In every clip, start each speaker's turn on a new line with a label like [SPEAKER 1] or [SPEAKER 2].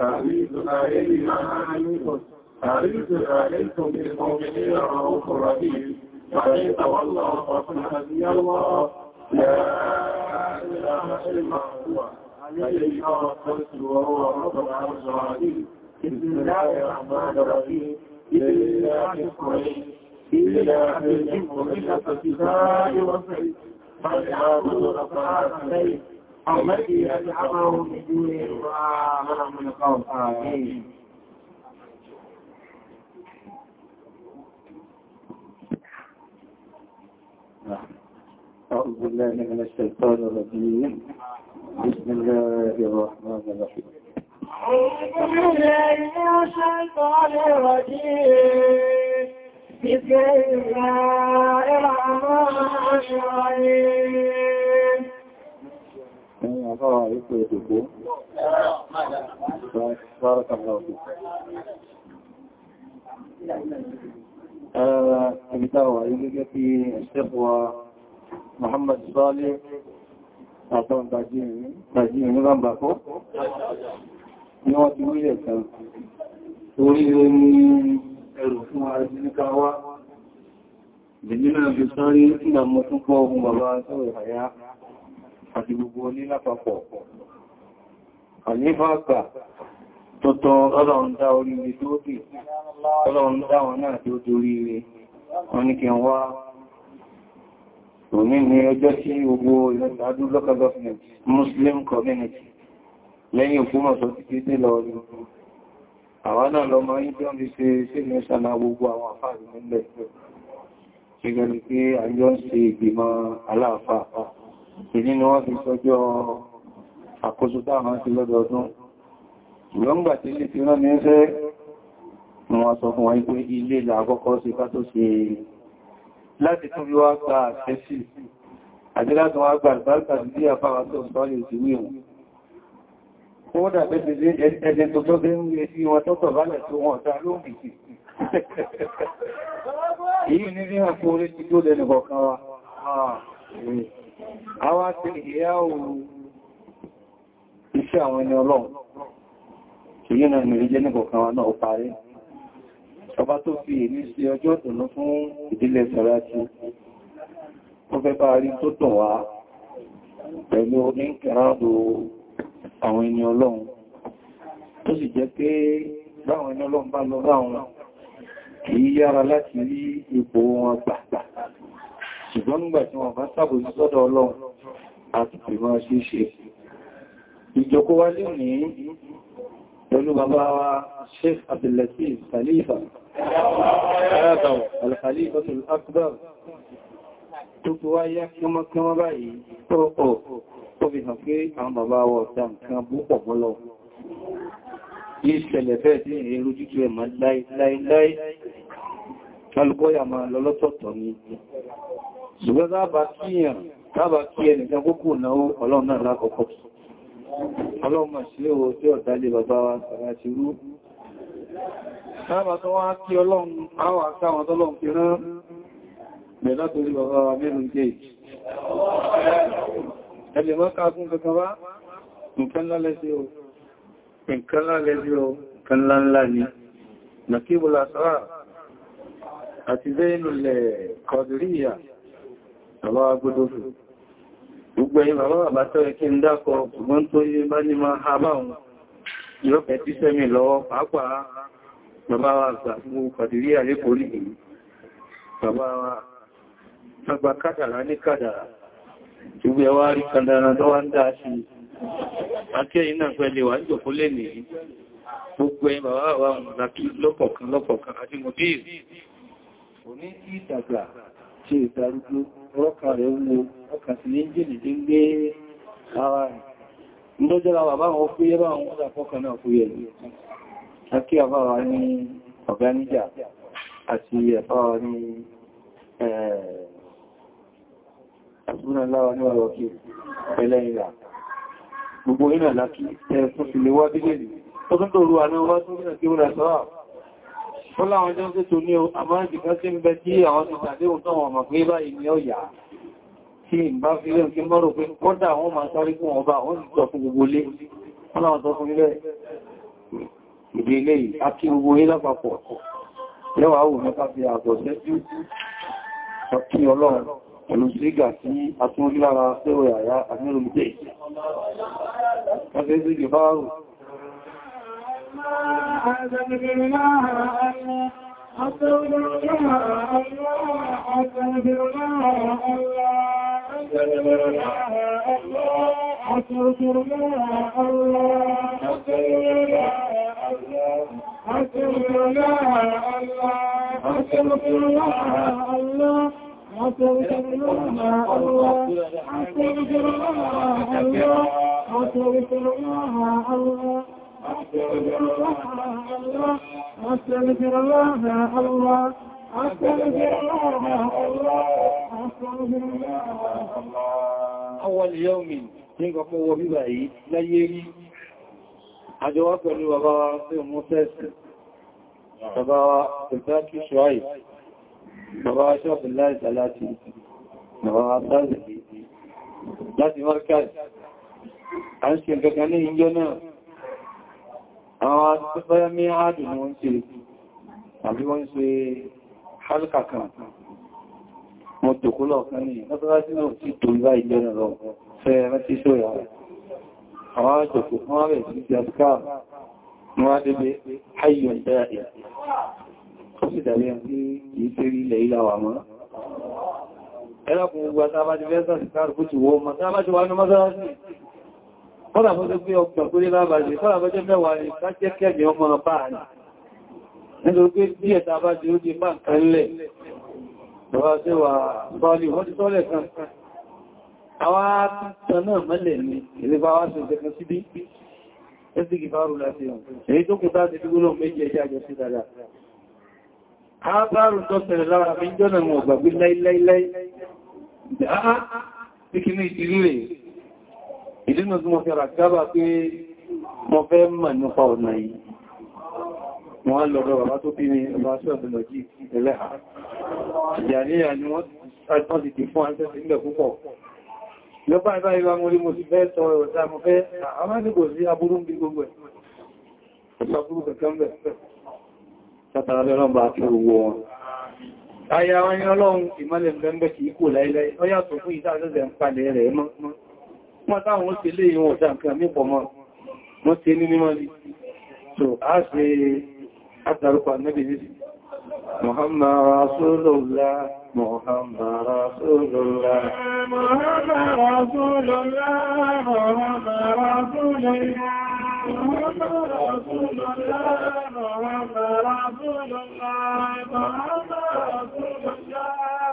[SPEAKER 1] تعريض عليه معانيكم تعريض عليكم بالمؤمنين رؤوف رحيم فإن تولوا فقل هدي الله لا إله إلا هو عليه توكلت وهو رب العرش العظيم بسم الله الرحمن الرحيم لله قريش إلا بالجن ومن الفساد
[SPEAKER 2] والسيد فليعبدوا أصحاب الليل أعوذ بالله
[SPEAKER 3] من الشيطان الرجيم بسم الله الرحمن الرحيم
[SPEAKER 2] أعوذ بالله من الشيطان الرجيم بسم الله الرحمن الرحيم
[SPEAKER 1] ẹ̀yìn àbáwà ipò ìdìbò bárakà lọ́pù
[SPEAKER 3] ìgbìtàwà ilé gẹ́gẹ́ ẹ̀ṣẹ́fọ́wà Muhammad Salih àtọ́n tàjí ìrìnlá bàkọ́ ni wọ́n ti wílẹ̀ kan orí omi ẹrù fún àjíníkáwá Bìnínà Bìsárí ìgbàmọ́ tún pọ̀ ohun bàbá sọ́rọ̀ àyá àti gbogbo ọlé lápapọ̀. Àlífà àgbà tuntun ọlọ́run dá orí ilé tó dì, ọlọ́run dá wọn náà tí ó dorí ilé, wọ́n ní kí n wá. Òní ni ọjọ́ tí gbogbo ìrẹsàádú local government, Muslim community, lẹ́yìn òkúmọ̀ tó ti kéde lọ rí. Àwọn náà lọ máa ń jọ́ ní ṣe sí ní ṣànà gbogbo àwọn àfáà nílẹ̀. Ṣe gẹ̀rẹ̀ pé àjọ́ ń ṣe ìgbìmọ̀ aláàfáà ìní ni wọ́n fi sọjọ́ àkóso táwọn sí lọ́dọọdún ìlọ́ngbà tí lè fi rán ní ẹ́fẹ́ wọ́n sọ fún wọn pé ilé làkọ́kọ́ sí ká tó ṣe láti tún bí wá gba àṣẹ́sì àti láti wá gba àlùbáríkà sí bí àfáwà tó sọ́lẹ̀ ìsìnwé wọn wọ́n dà bẹ́ẹ̀ sí ẹ̀ẹ́dẹ̀ tó tó bẹ́ ń rí sí wọn tó tọ̀bálẹ̀ tó wọn ọ̀tá lóòmì sí
[SPEAKER 1] èyí
[SPEAKER 3] àwọn àti ìyá òun iṣẹ́ àwọn ẹni ọlọ́run èyí náà mèrè jẹ́ ní kọ̀kan wa náà ó parí ọba tó fi èmi sí ọjọ́ ìdùnnú fún ìdílé Sàràkí ó fẹ́ bá rí tó dùn wá pẹ̀lú oníkẹ̀rádò àwọn ẹni ọlọ́run tó sì jẹ́ pé báwọn ẹni ọlọ́run bá lọ báwọn kìí yára láti rí ipò wọn gbàgbà ṣùgbọ́n nígbà tí wọ́n bá sábò sọ́dọ̀ ọlọ́run àti pèmọ́ sí ṣe ìjókòó wá lè ní pẹ̀lú bàbá wa Sheikh Abdullatif Khalifa Al-Khalifa Al-Akbar tó tó wá yá kí wọ́n kí wọ́n báyìí tó ọ̀ tó fi hàn pé àwọn bàbá wa ọ̀tá nǹkan púpọ̀ mọ́lọ̀ ìṣẹ̀lẹ̀ bẹ́ẹ̀ tí èrú jíjú máa láíláíláí kálùkọ́ yà máa lọ́lọ́tọ̀ọ̀tọ̀ ni ṣùgbọ́n lábà kíyàn lábà kí ẹnìkan kókò náà ọlọ́run náà lákọ̀ọ́kọ́ ọlọ́run mà sílé wo tí ọ̀dá lè bàbá wa sàrà ti rú lábà tó wá kí ọlọ́run àwọn àkáwọn tọ́lọ́run fi rán bẹ̀lá torí bàbá wa mẹ́rin gẹ́ẹ̀kì ẹlẹ̀ mọ́ káàkún kankan bá nǹkan lálẹ́sí o nǹkan lálẹ́sí o nǹkan ńláńlá ni nàkíbùlà àti bẹ́ẹ̀lù lẹ̀ kọ̀dìríyà bàbá wa gbọ́dọ̀ fún gbogbo ẹ̀yìn bàbá bàbá tọ́ ẹ̀kí ń dákọ̀ ṣùgbọ́n tó yé bá ní máa ha bá wọn ìrọ́pẹ̀ tí sẹ́mi lọ́wọ́ pàápàá bàbá wa àgbà fún pàdìrí àlékòrí yìí bàbá wa àgbà kádàrá ní kádàrá gbogbo ẹwà rí kádàrá tó wá ń dá sí akẹ́yìn náà pẹ̀lẹ̀ wà nígbòkó lè nìyí gbogbo ṣe ìdárúgbó ọkà rẹ̀ mú ọkà sí ní jìnì tí ń gbé ara rẹ̀ ìdọ́jọ́ra bàbá wọn fúyẹ́ bá wọn ọdá fọ́kàn náà fúyẹ́ akí àbára ní ọ̀gáníjà àti ní pẹ̀lẹ́ ìlà gbogbo ó láwọn ọjọ́ tó tó ní àmáàjì kan sí ń bẹ tí àwọn ti tàdéhùn tó wọn mọ̀ pé báyìí ni ó yà tí ń bá fi lẹ́n kí mọ́rò pé kọ́dà wọ́n máa sáré fún ọba wọ́n sì sọ fún gbogbo lé wọ́n láwọn sọ fún ilẹ̀ ìdí ilé yìí àti gbogbo yìí lápapọ̀ lẹ́wàá wù mẹ́ta fi àbọ̀ sẹ́jú
[SPEAKER 2] الله الله
[SPEAKER 1] أستغفر الله يا الله أستغفر الله يا الله أستغفر الله يا الله
[SPEAKER 3] أول يوم nígbà fún owó bíbà yìí láyé rí àjọwá pẹ̀lú bàbá wa sí mọ́sẹ̀sì bàbá wa ìfẹ́kì ṣọ́ì bàbá wa ṣọ́pù láìsà láti bàbá wa sáàlì láti markaz a ń ṣe gẹ́gẹ́ ní ìjọ náà àwọn pẹ́pẹ́ mí àádùn ni wọ́n ṣe àbí wọ́n ṣe hálùkà kan wọ́n tòkó lọ́ọ̀kan ní lọ́tọ́lájí náà tí tó ìbá ìgbẹ́rẹ̀ lọ fẹ́ rántí sóyà àwọn àjọ̀kù wọ́n rẹ̀ sí ti àṣíká wọ́n adébé ayọ̀ ìdáyà ó sì dàbí àti ìṣẹ́rí ilẹ̀ ìlàwà kọ́lá mọ́ tó gbé ọgbà kó lé bàbá rẹ̀ kọ́lá mọ́ jẹ́ mẹ́wàá rẹ̀ ká jẹ́ kẹ́mì ọmọ bá rẹ̀ nítorí pé bí ẹ̀ta bá jẹ́ ó di máa kẹ́lẹ̀
[SPEAKER 1] lọ́wọ́ sí wà
[SPEAKER 3] bọ́ọ̀lì wọ́n ti tọ́lẹ̀ kan àwọn àtàn náà mẹ́lẹ̀ ní ìrẹ́bá wá sí ìjẹ́kan síbí ẹ̀sì gìfàrù láti ọ̀pọ̀ èyí tó kùtà ti dúgbò náà méjì ẹjá jẹ́ sí dáadáa ààbárùn ìdínà tí mo fẹ́ ràkábà pé mo fẹ́ mọ̀ nípa ọ̀nà yìí mo wá lọ́dọ̀ bàbá tó bí ní ọba ṣọ́ọ̀bìlọ́jì ẹlẹ́ha ìjàníyà ni wọ́n ti ti fún àṣẹ́ sílẹ̀ púpọ̀ lọ́pàá ìbá ìbá mo rí mo ti fẹ́ tọ ọ̀tá mo fẹ́ àmásìkò sí aburú ń bí gbogbo ẹ̀ ṣàbúrú kankan bẹ̀ látara lọ́rọ̀ bá fi aya wọn ni ọlọ́run ìmọ́lẹ̀ ń kìí kò láíláí ọ yàtọ̀ fún ìdájọ́ wọ́n táwọn ó ṣe lé ìwọ̀n ọ̀dá nǹkan mípọ̀ mọ́ wọ́n ṣe ní mímọ́ rí so a ṣe àtàrúkọ ànẹ́bì ní Muhammad Rasulullah Muhammad Rasulullah
[SPEAKER 2] Muhammad Rasulullah Muhammad Rasulullah
[SPEAKER 1] Muhammad Rasulullah Muhammad
[SPEAKER 2] Rasulullah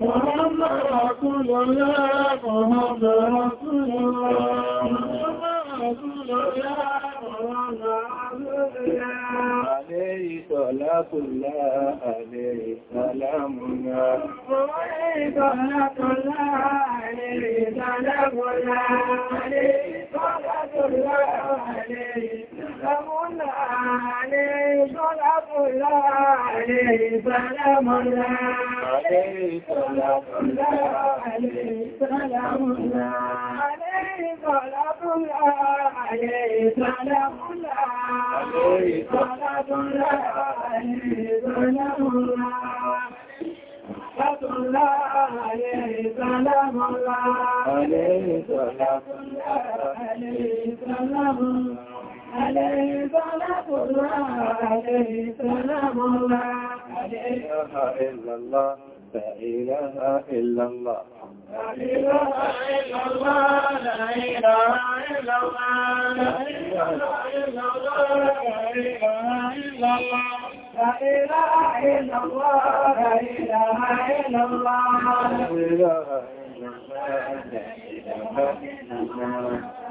[SPEAKER 2] محمد رسول الله محمد رسول الله محمد رسول الله محمد رسول الله
[SPEAKER 3] عليه صلاة الله عليه سلام الله
[SPEAKER 2] عليه صلاة الله عليه سلام الله عليه صلاة الله
[SPEAKER 1] عليه
[SPEAKER 2] سلام عليه صلاة الله عليه سلام الله عليه صلاة الله عليه سلام الله
[SPEAKER 1] عليه
[SPEAKER 2] صلاة الله عليه سلام الله عليه صلاة الله عليه سلام الله صلاة الله عليه سلام الله عليه
[SPEAKER 1] صلاة الله عليه سلام الله عليه
[SPEAKER 2] صلاة الله عليه سلام الله لا إله
[SPEAKER 1] إلا الله لا
[SPEAKER 3] إله إلا
[SPEAKER 2] الله لا إله إلا الله لا إله إلا الله
[SPEAKER 1] لا إله إلا الله لا إله إلا الله لا إله إلا الله لا إله إلا الله لا إله إلا الله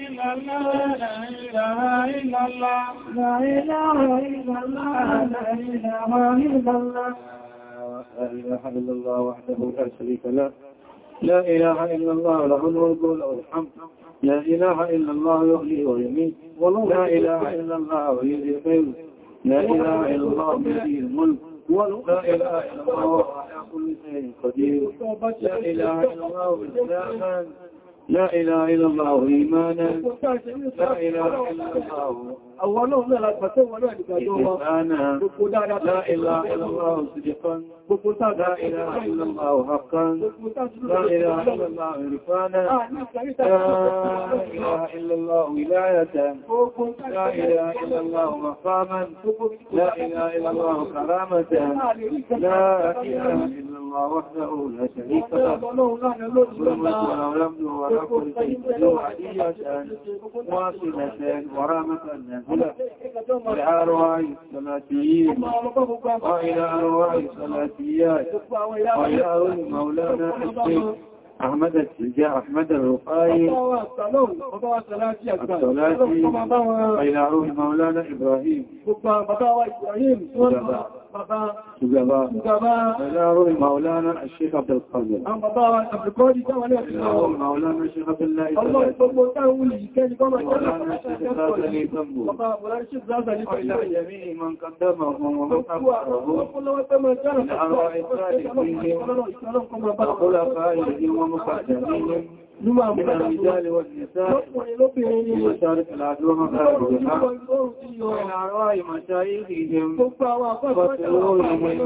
[SPEAKER 2] إلا الله لا إله إلا الله لا إله إلا الله لا إله إلا الله
[SPEAKER 3] لا إله إلا الله وحده لا شريك له لا إله إلا الله له الملك وله الحمد لا إله إلا الله يغني ويميت لا إله إلا الله ولي الخير لا إله إلا الله ولي الملك لا إله إلا الله على كل شيء قدير لا إله إلا الله بالإسلام لا إله إلا الله إيمانا لا إله إلا الله
[SPEAKER 2] àwọn ọlọ́run náà lágbà tó wọ́n náà nìgbàjọ́ wọn
[SPEAKER 3] gbogbo dáadáa la ilaha illallah sidqan gbogbo sáàdá la ilaha illallah haqqan
[SPEAKER 1] la ilaha illallah
[SPEAKER 3] irfanan
[SPEAKER 1] la ilaha
[SPEAKER 3] illallah wilayatan la ilaha illallah mafaman la ilaha illallah karamatan
[SPEAKER 1] la ilaha
[SPEAKER 3] illallah wahdahu la sharika
[SPEAKER 2] له
[SPEAKER 1] ورحمة ورحمة ورحمة إلى أرواح السلاتيين
[SPEAKER 3] وإلى أرواح السلاتيات
[SPEAKER 2] وإلى أرواح مولانا
[SPEAKER 3] أحمد الشجاع أحمد الرقائي
[SPEAKER 2] الصلاة
[SPEAKER 3] إلى أرواح مولانا إبراهيم بابا مولانا الشيخ عبد القادر
[SPEAKER 2] مولانا الشيخ عبد الله الله يطول تاوي كان كما مولانا
[SPEAKER 1] الشيخ زازلي جميع من قدمهم ومن أخرهم
[SPEAKER 3] الأرواح الصالحين
[SPEAKER 1] وخلفائهم ومقدميهم
[SPEAKER 3] Nígbà mú bẹ́ta ìjálẹ̀ wọ́n ni sáà lọ́pùnrin lóbìnrin ní ìṣàrí ìlàjọ́ ọmọ káàkiri ìjọba.
[SPEAKER 1] Ọ̀rọ̀ tí yọ ẹ̀nà
[SPEAKER 3] àrọ́ àìmàṣà ìrìn ìjẹun. Gbogbo àwọn àpapọ̀ ìwọ̀n ìwọ̀n ìwọ̀n.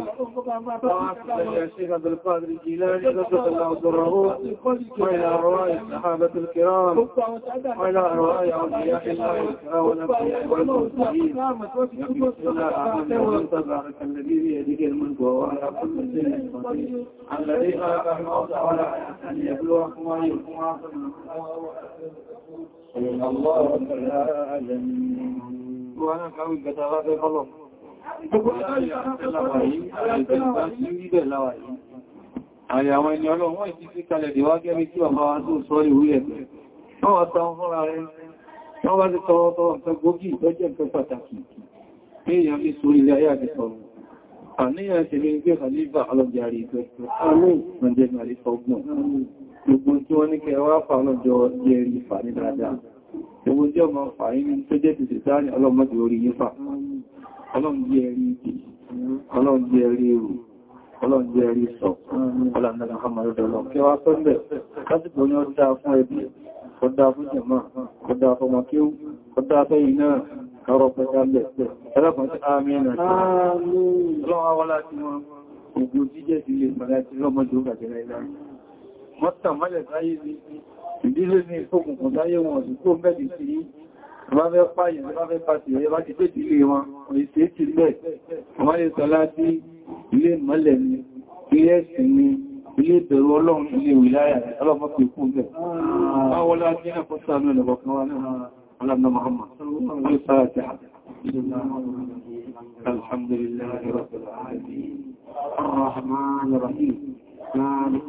[SPEAKER 1] Wọ́n á fi lẹ́yẹ̀
[SPEAKER 3] ṣe àdọ̀lẹ́fàdìrí jìlẹ́ ní lọ́pùnrin àwọ̀dọ̀rọ̀ ọ̀rọ̀. وإلى أرواء الصحابة الكرام وإلى أرواء أولياء الله والأنبياء والمرسلين بسم الله الرحمن الرحيم تبارك الذي بيده الملك وهو على كل شيء قدير الذي خلق الموت ولا أن يبلوكم أيكم Àyà àwọn ẹni ọlọ́run wọ́n ti fi kalẹ̀ dìwá gẹ́bí tí wà máa tó sọ ìwú ẹ̀. Wọ́n wá tán fúnra rẹ̀, wọ́n wá ti tọrọ tọrọ nǹkan gbógí ìtọ́jẹ́ nǹkan pàtàkì pé èèyàn lè sórí ilẹ̀ ayé àti sọ̀rọ̀. Àníyàn ti rí gbé gbogbo tí wọ́n ní kẹ wá fàánà jọ jẹ́ rí fà ní dáadáa gbogbo tí ọmọ fà ní tó jẹ́ ti sèta ọlọ́mọdé orí yífà ọlọ́mọdé rí ìdí ọlọ́mọdé rí èrò ọlọ́mọdé wọ́n láti wọn ògùn jíjẹ́ sílé ìpàdá tí lọ́mọdé ó kàtẹ̀lẹ́ ìlànà wọ́n tàn mọ́lẹ̀ sáyé ní ìdílé ní ìfòkùnkùn sáyé wọn ọ̀sùn tó mẹ́dì sí ìbáfẹ́ pààyàn ìbáfẹ́ pàtì ẹ̀yẹ bá ti pé ìdílé wọn òyìnbó ti bẹ̀ wọ́n lè sọ láti ilé mọ́lẹ̀ ní ilé ẹ̀sìn ní ilé ìbẹ̀rù ọlọ́run ilé ìwìláyà ọlọ́pàá pẹ̀lú kú bẹ̀. báwọ́ láti ní àkọ́sọ́ àmì ọ̀lọ́pàá kan wá náà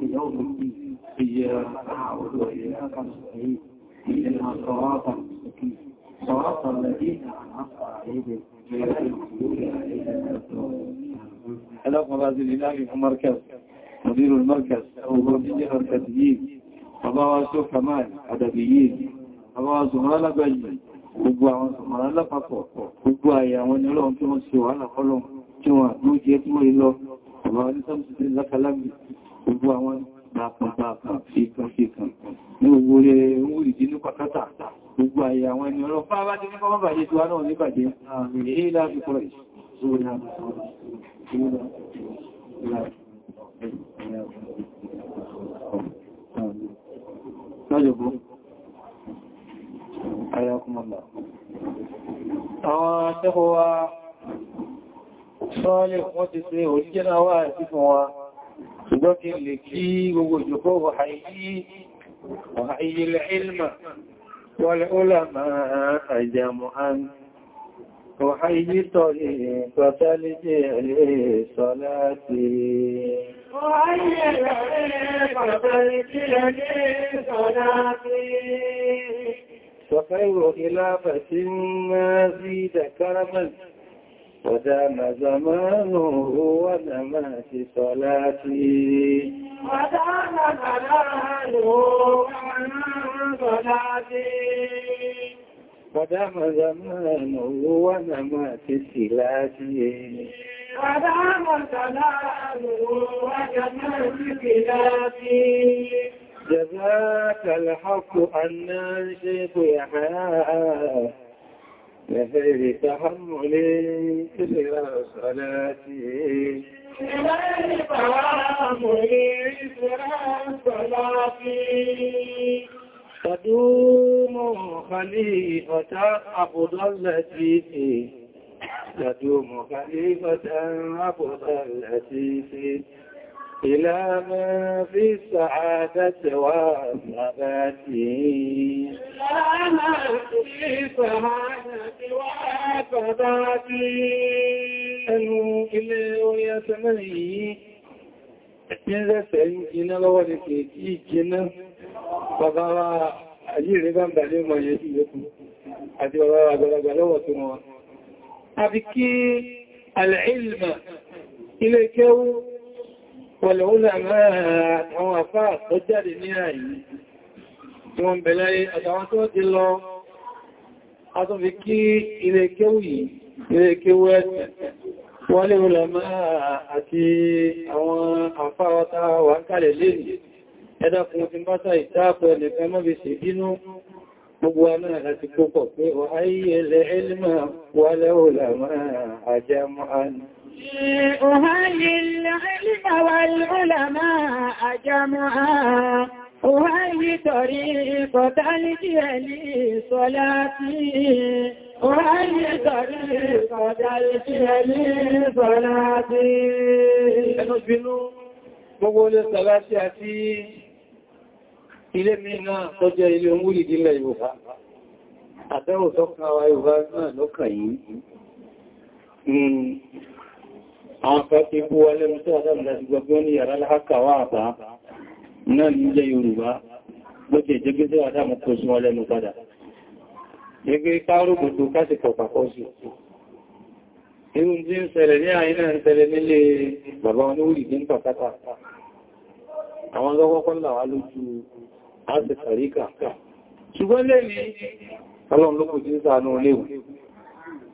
[SPEAKER 3] علمنا إياك
[SPEAKER 1] نعبد وإياك نستعين إلى صراط المستقيم صراط الذين أنعمت عليهم غير المغضوب عليهم
[SPEAKER 3] علاقة بعد الإله في مركز مدير المركز أو مدير مركزيين أبا واسو كمال أدبيين أبا واسو هالا بجي gbogbo àwọn ṣùgbọ́n alápapọ̀ gbogbo àyà àwọn ni ọlọ́run tí wọ́n ṣe wà lápọ́lọ́run tí wọ́n àdújẹ́ tí wọ́n ilọ́ ọ̀rọ̀ alítọ́mùsí lákàlábì gbogbo àwọn pápápápá fíkanfíkan ní gbogbo rẹ̀ owó ìdínú pàkátà gbogbo àyè àwọn ẹni ọ̀rọ̀ bá bá ní kọ́mọ́ bàjẹ́ tí wá náà ní bàjẹ́ èyí láti kọ́rọ̀
[SPEAKER 1] Lọ́jọ̀bọ́, ayakumọ̀lá
[SPEAKER 3] ṣùgbọ́n kí lè kí gbogbo ìjòkó wàhàíyí ilmà wal ulama àjàmùhàn wàhàíyí tọ́rì pàtàlìjì ẹ̀lẹ́ sọ́láti
[SPEAKER 2] wàhàíyí rẹ̀ pàtàlìjì ẹ̀lẹ́ sọ́láti
[SPEAKER 3] وخير ودام زمانه ودمات صلاتي
[SPEAKER 2] ودام زمانه ودمت صلاتي
[SPEAKER 3] ودام زمانه ودمات صلاتي
[SPEAKER 2] ودام زمانه ودمات صلاتي
[SPEAKER 3] جزاك الحق أن ننشط يا حياه
[SPEAKER 1] نهر تحملي
[SPEAKER 3] سرى صلاتي
[SPEAKER 2] نهر تحملي سرى صلاتي
[SPEAKER 3] قدوم خليفة عبد اللتيفي قدوم خليفة عبد اللتيفي إلى من في السعادة والثبات إلى
[SPEAKER 2] من في السعادة والثبات ẹnu
[SPEAKER 3] ilé orí ẹsẹ mẹ́rin yìí nílẹ̀ẹ́sẹ̀ iná lọ́wọ́ ní kìí kí ìjìnà bàbá wa àyíre bá ń bà ní ọmọ yẹ sí lẹ́kùn àti ọ̀rọ̀ àgbàlagbà lọ́wọ́ tó wọn. a fi kí
[SPEAKER 1] alẹ́ ilẹ̀
[SPEAKER 3] ilé kéwú wọ̀lẹ̀wọ́lẹ̀ máa àwọn àfáà tó jáde ní àyí tí wọ́n bẹ̀lẹ̀ àtàwọn tó ti lọ a tó fi kí ilé kéwù yìí
[SPEAKER 1] ilé kéwù ẹ̀sẹ̀
[SPEAKER 3] wọ́lẹ̀wọ́lẹ̀ máa àti àwọn àfáà táwà wà ń kalẹ̀ lẹ́yìn ẹ̀dàkùn ti bá sáà ìtàpẹ̀ nìkan mọ́bí sí bínú gbogbo anáà àti kókọ̀ pé wà áyí wà lẹ́wọ̀lẹ̀ máa àjẹmọ́ ánìí
[SPEAKER 1] أهلي
[SPEAKER 2] العلم والعلماء جمعا أهلي طريقة الجهل صلاتي أهلي طريقة الجهل صلاتي
[SPEAKER 3] أنجبنوا مقول الصلاة àti ilé mìíràn tó jẹ́ ilé ohun wúlì dílẹ̀ Yorùbá àdáwò tó kan àwa Yorùbá náà lọ́kàn yìí àwọn kan ti kú wa lẹ́nu tí àdáàmù láti gbogbo ní yàrá láhàkà wà àbá náà ní ilẹ̀ Yorùbá ló ti jẹ́gbé tí àdáàmù kò sí wọn lẹ́nu padà gẹ́gẹ́ káàrù gbogbo kásìkọ̀ pàpọ̀ sí irú tí ń ṣẹlẹ̀ ní àyínà ń ṣẹlẹ̀ nílé bàbá wọn lórí ìdí ń pàtàkà àwọn lọ́kọ́kọ́ làwá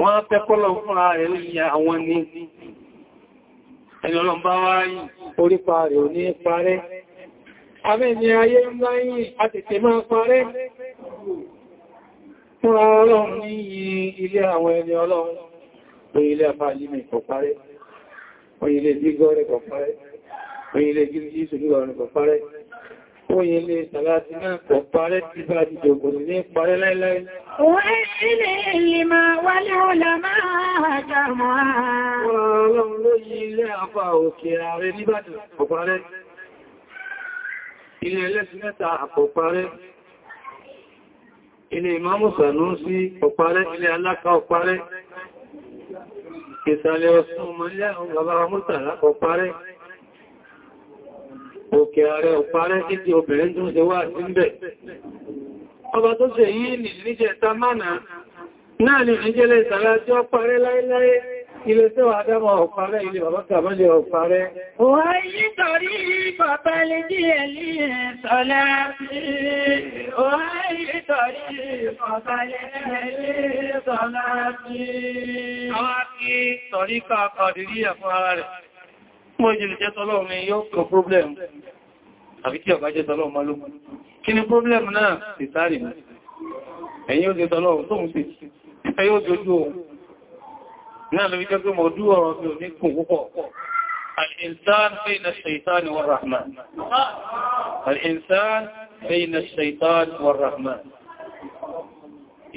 [SPEAKER 3] wọ́n á fẹ́ kọ́lọ̀ fúnra rẹ̀ yíya àwọn ní ẹ̀lọ́lọ́m bá wá yìí orípa rẹ̀ ò ní parẹ́ abẹ́ ayé ńlá yìí a tètè máa parẹ́ fúnra ọlọ́run ní ilé àwọn ẹni ọlọ́run oyin ilé afáàlímì kò parẹ́ oyin ilé gígọ́ rẹ̀ kò parẹ́ oyin ilé gígọ́ rẹ̀ Oye ilé ìsàláti náà kò parẹ́ ti bá ti jògbò ní parẹ́ láíláí.
[SPEAKER 2] Wọ́n ilé ilé máa wálé ọlá máa jàmọ́ àà. Wọ́n ọlọ́run ló yí ilé àfà
[SPEAKER 3] òkè ààrẹ nígbàtí kò parẹ́. Ilé ẹlẹ́sìn mẹ́ta kò parẹ́. Ilé ìmáàmù Sànúsí kò parẹ́, ilé aláka kò parẹ́. Ìsàlẹ̀ Ọ̀ṣun ọmọ ilé àwọn bàbá Mọ́tàlá kò parẹ́ òkè ààrẹ òparẹ́ títí obìnrin tó ṣe wà sí ńbẹ̀. ọba tó ṣe yí ní níjẹ̀ tamánà náà ni ìjẹ́lẹ̀ ìsàrá tí ó parẹ́ láíláí ilé tí wà dámọ̀ ọ̀parẹ́ ilé bàbá kàbálẹ̀
[SPEAKER 2] ọ̀parẹ́ wáyé torí bàbá lè dí ẹ̀lì ẹ̀sọ́lá wáyé torí bàbá lè dí ẹ̀lì ẹ̀sọ́lá àwọn
[SPEAKER 3] kí torí ká àbí tí ọ̀bá jẹ́ tọ́lọ́run mọ́ ló kí ni problem náà sì sáré mú ẹ̀yin ó jẹ́ tọ́lọ́run tó ń sì ẹ̀yin ó jojú ohun náà lórí jẹ́ pé mọ̀ dú ọ̀rọ̀ mi ò ní kùn púpọ̀ الإنسان بين الشيطان والرحمن الإنسان بين الشيطان والرحمن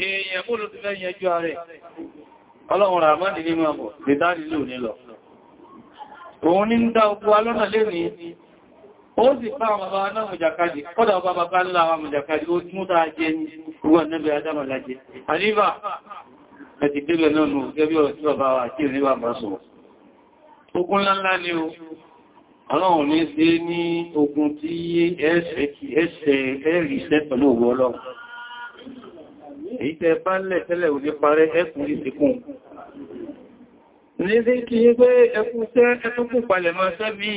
[SPEAKER 3] èèyàn kó ló ti fẹ́ yẹjú ààrẹ ọlọ́run ràmánì ní òun ní ń dá ogun alọ́nà lè ní ó sì pa bàbá náà mùjàkadì kọ́dà bàbá bá ńlá àwọn mùjàkadì ó mú tàà jẹ ní gbogbo nẹ́bẹ̀ adámà lájẹ àríbà ẹ̀tì débẹ̀ náà nù gẹ́bí ọ̀rọ̀ sí bàbá wa kí ìrìnwà bá o ọlọ́run ní ṣe ní ogun tí ẹsẹ̀ ẹ̀rì iṣẹ́ pẹ̀lú òwú ọlọ́run èyí tẹ bá ń lẹ̀ tẹ́lẹ̀ ò ní parẹ́ ẹkùn ní síkún ní sí kí pé ẹkùn tẹ́ ẹkùn palẹ̀mọ́ sẹ́bí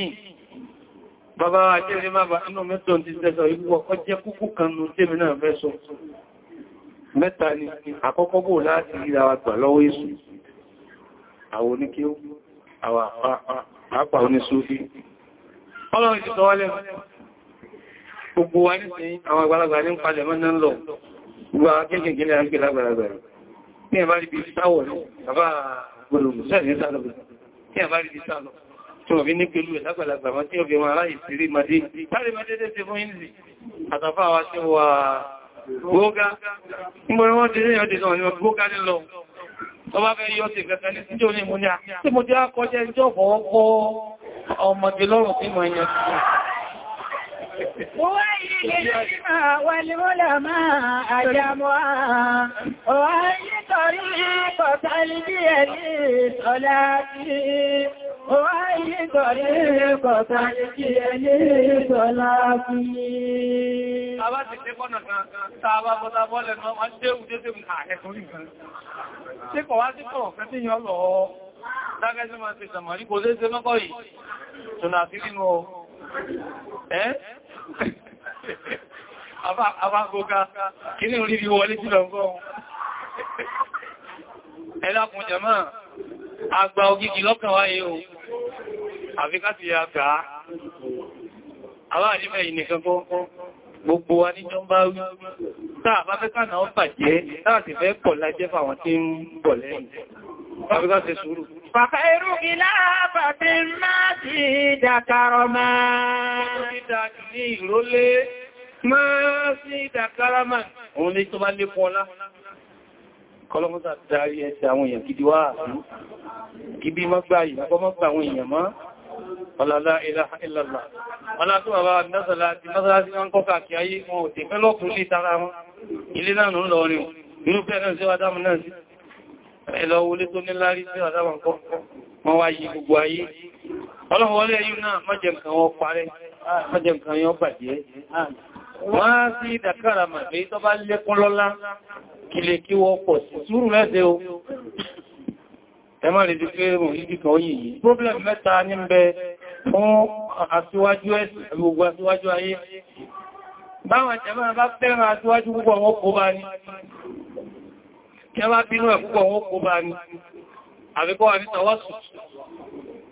[SPEAKER 3] bàbá ajẹ́rẹ́ má bá inú mẹ́tọ̀ ti sẹ́sọ̀ ìgbò ọkọ̀ jẹ́ kúkú kan nù tèmi náà fẹ́ sọ mẹ́ta ni àkọ́kọ́ bò láti ríra wa gbà lọ́wọ́ èsù àwọn oníkí àwọn àpá oníṣúfí ọlọ́run ti sọ wálẹ̀ gbogbo wa ní sí àwọn àgbàlagbà ní palẹ̀ mọ́ná lọ gbogbo akẹ́kẹ̀ẹ́ ní àgbẹ̀ lágbàlagbà ní ẹ̀bá rí bí sáwọ̀ ní àbá gbogbo sẹ́ẹ̀ ní sálọ̀ tí wọ́n fi ní pẹ̀lú ẹ̀ lágbàlagbà wọn tí wọ́n fi wọn ará ìsìrí madé tàbí madé tẹ́ ti fún ìzì àtàfà wa tí wà gbóga nígbọ́n wọ́n ti ríyàn dìkan ní gbóga nílọ ọba fẹ́ yọ́ ti fẹ́ fẹ́ni síjò ní mú ní à tí mo
[SPEAKER 2] Wáyé tọ̀rí kọ̀ta kí ẹni tọ́lá fi.
[SPEAKER 3] Àbá ti ṣe kọ́nà kan, tàbá bọ́ta bọ́lẹ̀ náà, wọ́n ṣe òjé tí mú ààrẹ torí kan. Ṣé kọ̀ wá sí kọ̀ fẹ́ tí yọ lọ dágẹ́sí máa ti sàmàrí kò lé ṣe mọ́kọ̀ yìí, tùnà sí nínú ọ. Ẹ́? Àbá gbogbo kí ní orí wọlé sí lọ Ẹlákùn jẹ̀mọ́, àgbà ògìgì lọ́kàn wáyé o àfi ká ti yàtà àwọn àjífẹ́ yìí nìkan kọ́ gbogbo wa níjọ bá wí táà bá fẹ́ kánà ó bàjẹ́ táà sì fẹ́ pọ̀ lájẹ́ fàwọn tí ń bọ̀ lẹ́yìn kọlọ́mọ́sà darí ẹsẹ̀ àwọn èèyàn gidi wá àrùn gidi mọ́gbà yìí mọ́gbà àwọn èèyàn mọ́ ọlọ́lá ilaha illallah aláàtún bàbá násàlá ti násàlá sí wọ́n kọ́kà kí ayé wọn ò tèfẹ́ lọ́kùn ní ìtara wọn ilé náà ń lọ rí inú pẹ́ẹ̀rẹ̀ sí adámù náà sí ẹ̀lọ wọlé tó nílárí sí adámù kọ́ wọ́n wá yí gbogbo ayé ọlọ́wọ́lé ẹ̀yìn náà májẹ̀mkan wọ́n sí ìdàkàràmà èyí tó bá lékún lọ́lá kí lè kí wọ́n pọ̀ sí sùúrù lẹ́sẹ̀ o ẹmọ́ lè di pé mò níbi kan yìí yìí problem mẹ́ta ní bẹ fún aṣíwájú ẹ̀sìn gbogbo aṣíwájú ayé báwọn jẹmọ́ bá fẹ́ràn aṣíwájú púpọ̀ wọn kó bá ní kẹwàá bínú ẹ̀ púpọ̀ wọn kó bá ní àbíkọ́ àbítọwọ́sù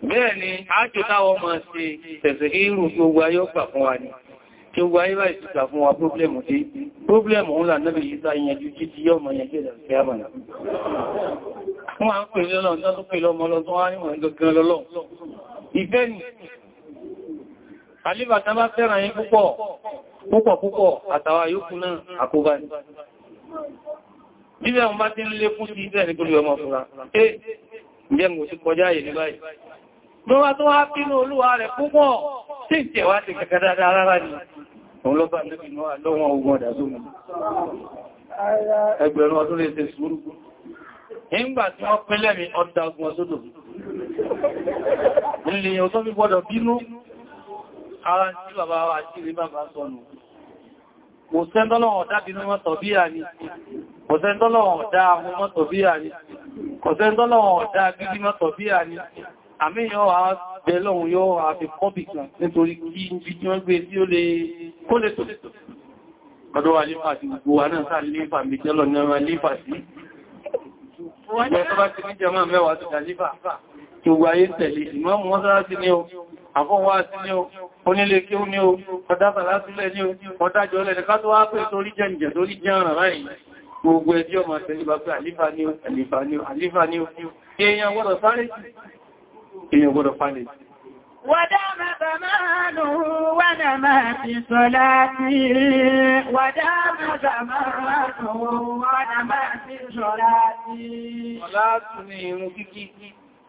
[SPEAKER 3] bẹ́ẹ̀ ni ájò táwọn mọ̀ sí tẹ̀sẹ̀ irú gbogbo ayé ó gbà fún wa ni tí ó wáyé wáyé ìtùkà fún wa pọ́blẹ̀mù tí pọ́blẹ̀mù ń là náà yìí sáyé ẹjú títí yọ́ mọ̀ bíbẹ̀ wọn bá ti ń lé fún sí ibẹ̀ nítorí ọmọ fúra ǹjẹ́ mo ti kọjá àyè báyìí ló wá tó wá bínú olúwa rẹ̀ púpọ̀ tí ìtẹ̀ wá ti kẹ̀kẹ́ dáadáa rárá ni òun ló bá lówọn ogun ọ̀dà tó mú ẹgbẹ̀rún kò sẹ́ntọ́lọ́wọ̀n ọ̀dá bínú mọ́tọ̀ bí i kò sẹ́ntọ́lọ́wọ̀n ọ̀dá ahun mọ́tọ̀ bí i àmì yóò a bẹ̀lọ́hun yóò wá fi kọ́bì kan nítorí kí ibi tí wọ́n gbé tí ó lè kó lè tó ọdọ́ wa lífà sí gbogbo wa náà sáà lífà mi jẹ́lọ ní ọmọ lífà sí Ìgbà ayé tẹ̀lé ìmọ́ mọ́ sára sí ní o, àfọ́wà sí ní o, o kí ó ní o, ọ̀dáta lásílẹ̀ ní o, ọ̀dájọ́ ọlẹ́ni ká tó wá pé torí jẹ́ ìjẹ̀ torí jẹ́ ọ̀rọ̀ ráyìí gbogbo o ma tẹ́lébà pé àlífà ní o, àlífà ní o, àlífà ní o, èèyàn wọ́n sáré èèyàn gbọ́dọ̀ fánì
[SPEAKER 2] Wàdámà zàmánù wàdà máa fi sọ́lá sí wàdámà zàmánù wàdà máa fi sọ́lá sí.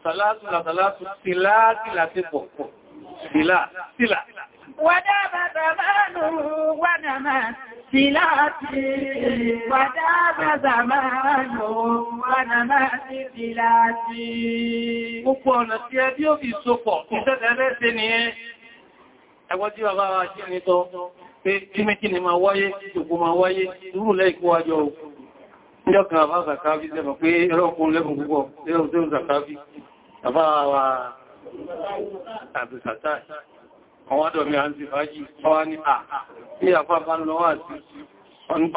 [SPEAKER 3] Sọ́látù
[SPEAKER 2] وذاب زمانه ونما سلاتي وذاب زمانه ونما سلاتي Gbogbo ọ̀nà tí ẹbí ò fi sopọ̀, ìṣẹ́ta
[SPEAKER 3] ẹlẹ́sẹ̀ ni ẹ, ẹgbọ́n tí bàbá wa ṣe ní tọ́, pé kí mẹ́kí ni máa wáyé, ìṣògbò máa wáyé, ìrú lẹ́ìkú ajọ́ òkú. Ìjọ́ kan àbá Zakavi sẹ́mọ̀ pé ẹlọ́kùn lẹ́kùn púpọ̀, ẹlọ́kùn àwọn àdọ̀mí àti fàájì ọwá ní à ní àpapà lọ́wọ́ àti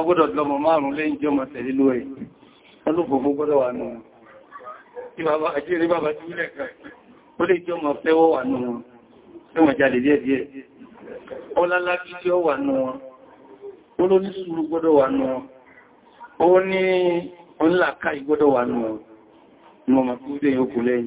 [SPEAKER 3] ọgbọ́dọ̀ lọmọ márùn lẹ́yìn jẹ́ ọmọ tẹ̀lé lórí olùfòfò gbọ́dọ̀ wà nù wọn ó ní ọlá ká ìgbọ́dọ̀ wà nù wọn mọ̀mọ̀ tó gbé yóò kú lẹ́yìn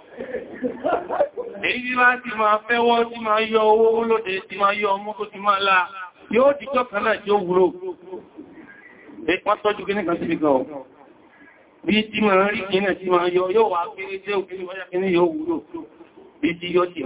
[SPEAKER 3] èyí tí máa ti máa fẹ́wọ́ tí máa yọ owó olóde tí máa yọ ọmọ tó ti máa lá yóò dìjọ́ kan náà tí ó wúrò ẹ̀pá tọ́jú kí nìkan síbi kan bí tí máa rí kí náà tí máa yọ yóò wà kéré tí ó kéré wáyá kí ní yóò wúrò bí tí yóò ti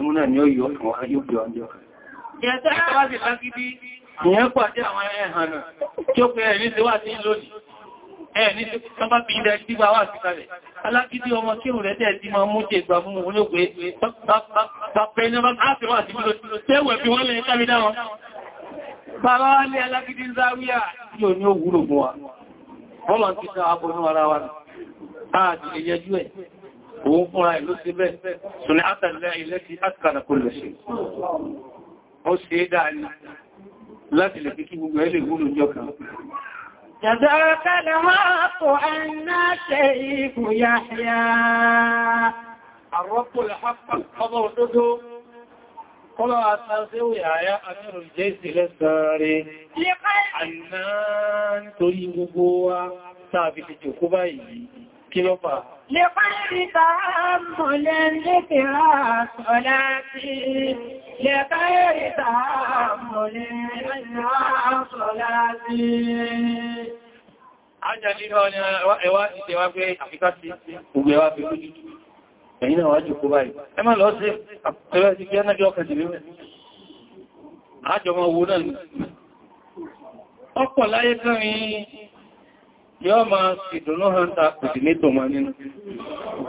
[SPEAKER 3] ẹ̀ ní tí wọ́n bá bí ilẹ̀ tí bá wà sí kalẹ̀ alágídí ọmọ tí òun rẹ̀ tẹ́ ti máa mú jẹ ìgbà fún òun lóògbé pàpẹ́ ní wọ́n
[SPEAKER 1] òun fúnra ìlú
[SPEAKER 3] sí bẹ́ẹ̀ sùn ní àtàlẹ́ ti àtàlẹ́ kò lè ṣe ó ṣe é dáa ní láti lè fi kí gbogbo ẹ lè wúlò jọ kan
[SPEAKER 2] كذاك الحق أن شيخ يحيا، الرب الحق
[SPEAKER 3] قضوا حدو قلوا أتنسوا يا أمير الجيش للداري
[SPEAKER 2] أنان
[SPEAKER 3] تريد قوة ثابت جكوبا
[SPEAKER 2] kí Lè pàdé ta mọ̀lẹ́ lẹ́tẹ̀ rà sọ́lá sí. Lè pàdé ta mọ̀lẹ́ lẹ́tẹ̀ rà sọ́lá sí.
[SPEAKER 3] Ajá nílọ ẹwà ìtẹwà pé àfikà sí gbogbo fi kú jùtù. Ẹ̀yìn náà wájú kó báyìí. Ẹ má lọ sí ẹwà yóò máa ìdùnnú hàn ta ìdì ní tòmà nínú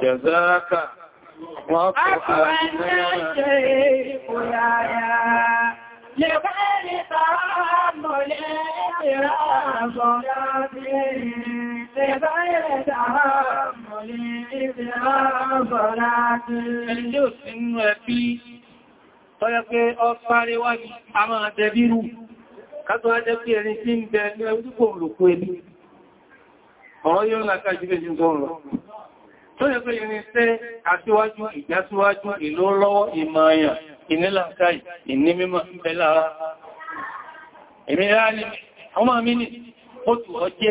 [SPEAKER 3] jẹ̀záàkà wọ́n kọ̀ọ̀kọ̀
[SPEAKER 2] Ẹni ò sínú ẹbí tọ́yẹ́ pé ọ parí wá ní a máa jẹ bírù,
[SPEAKER 3] ká tó wá jẹ́ pé ẹni tí ń bẹ ní ẹgbẹ́ òlòkú ẹbí ọ̀rọ̀ yóò láká jílé jí sọ́rọ̀ tó yẹ pé irinṣẹ́ aṣíwájú ìjásíwájú ìlú lọ́wọ́ ìmọ̀-àyàn ìnílàkáì ìnímímọ̀ ìpẹ́lára ìmìnira ni ọmọ mi ní ó tù ọ jẹ́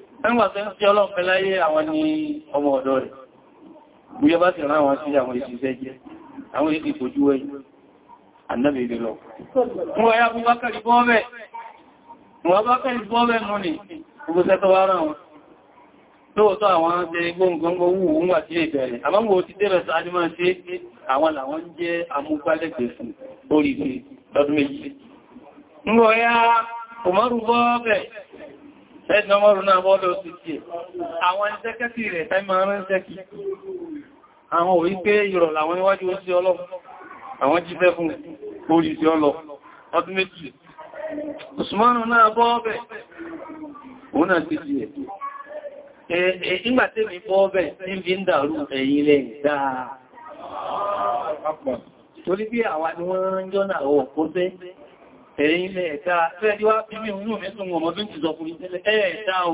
[SPEAKER 3] ẹgbàtẹ́ sí ọlọ́pẹ́ láyé àwọn ni ọmọ ọ̀dọ́ rẹ̀ búyẹ bá sì rán wọn sí àwọn ìṣiṣẹ́ jẹ́ àwọn èdè ìfojú ẹ̀yìn annabi lọ wọ́n ya bú bákàrí bọ́ọ̀bẹ̀ wọ́n bákàrí bọ́ọ̀bẹ̀ mú ní gbogbo sẹ́tọ́ wá rán wọn lóòótọ́ àwọn ṣe gbóngbóngbó wù ú wà sí ìbẹ̀rẹ̀ àmọ́gbò ti dẹ̀rẹ̀ sáájú máa ṣe àwọn làwọn jẹ́ amúgbálẹ́gbẹ̀ẹ́ fún orí ìgbẹ̀ lọ́dún méjì ń ya ẹ̀sìn ọmọrùn náà bọ́ọ̀lọ́ sí kí àwọn ẹ̀sẹ́kẹ́sì rẹ̀ tẹ́mọ̀ ránṣẹ́ kí àwọn òrí pé ìrọ̀ làwọn iwájú ó sí ọlọ́ àwọn fẹ́ fún orí sí ọlọ ọdún méjì Usmanu náà bọ́ Ọ ẹ̀yìn ilẹ̀ ẹ̀ta fẹ́ẹ̀dí wá bí mi òun mi tún ọmọ bí ti sọ fún ìtẹ́lẹ̀ ẹ̀ẹ̀ta o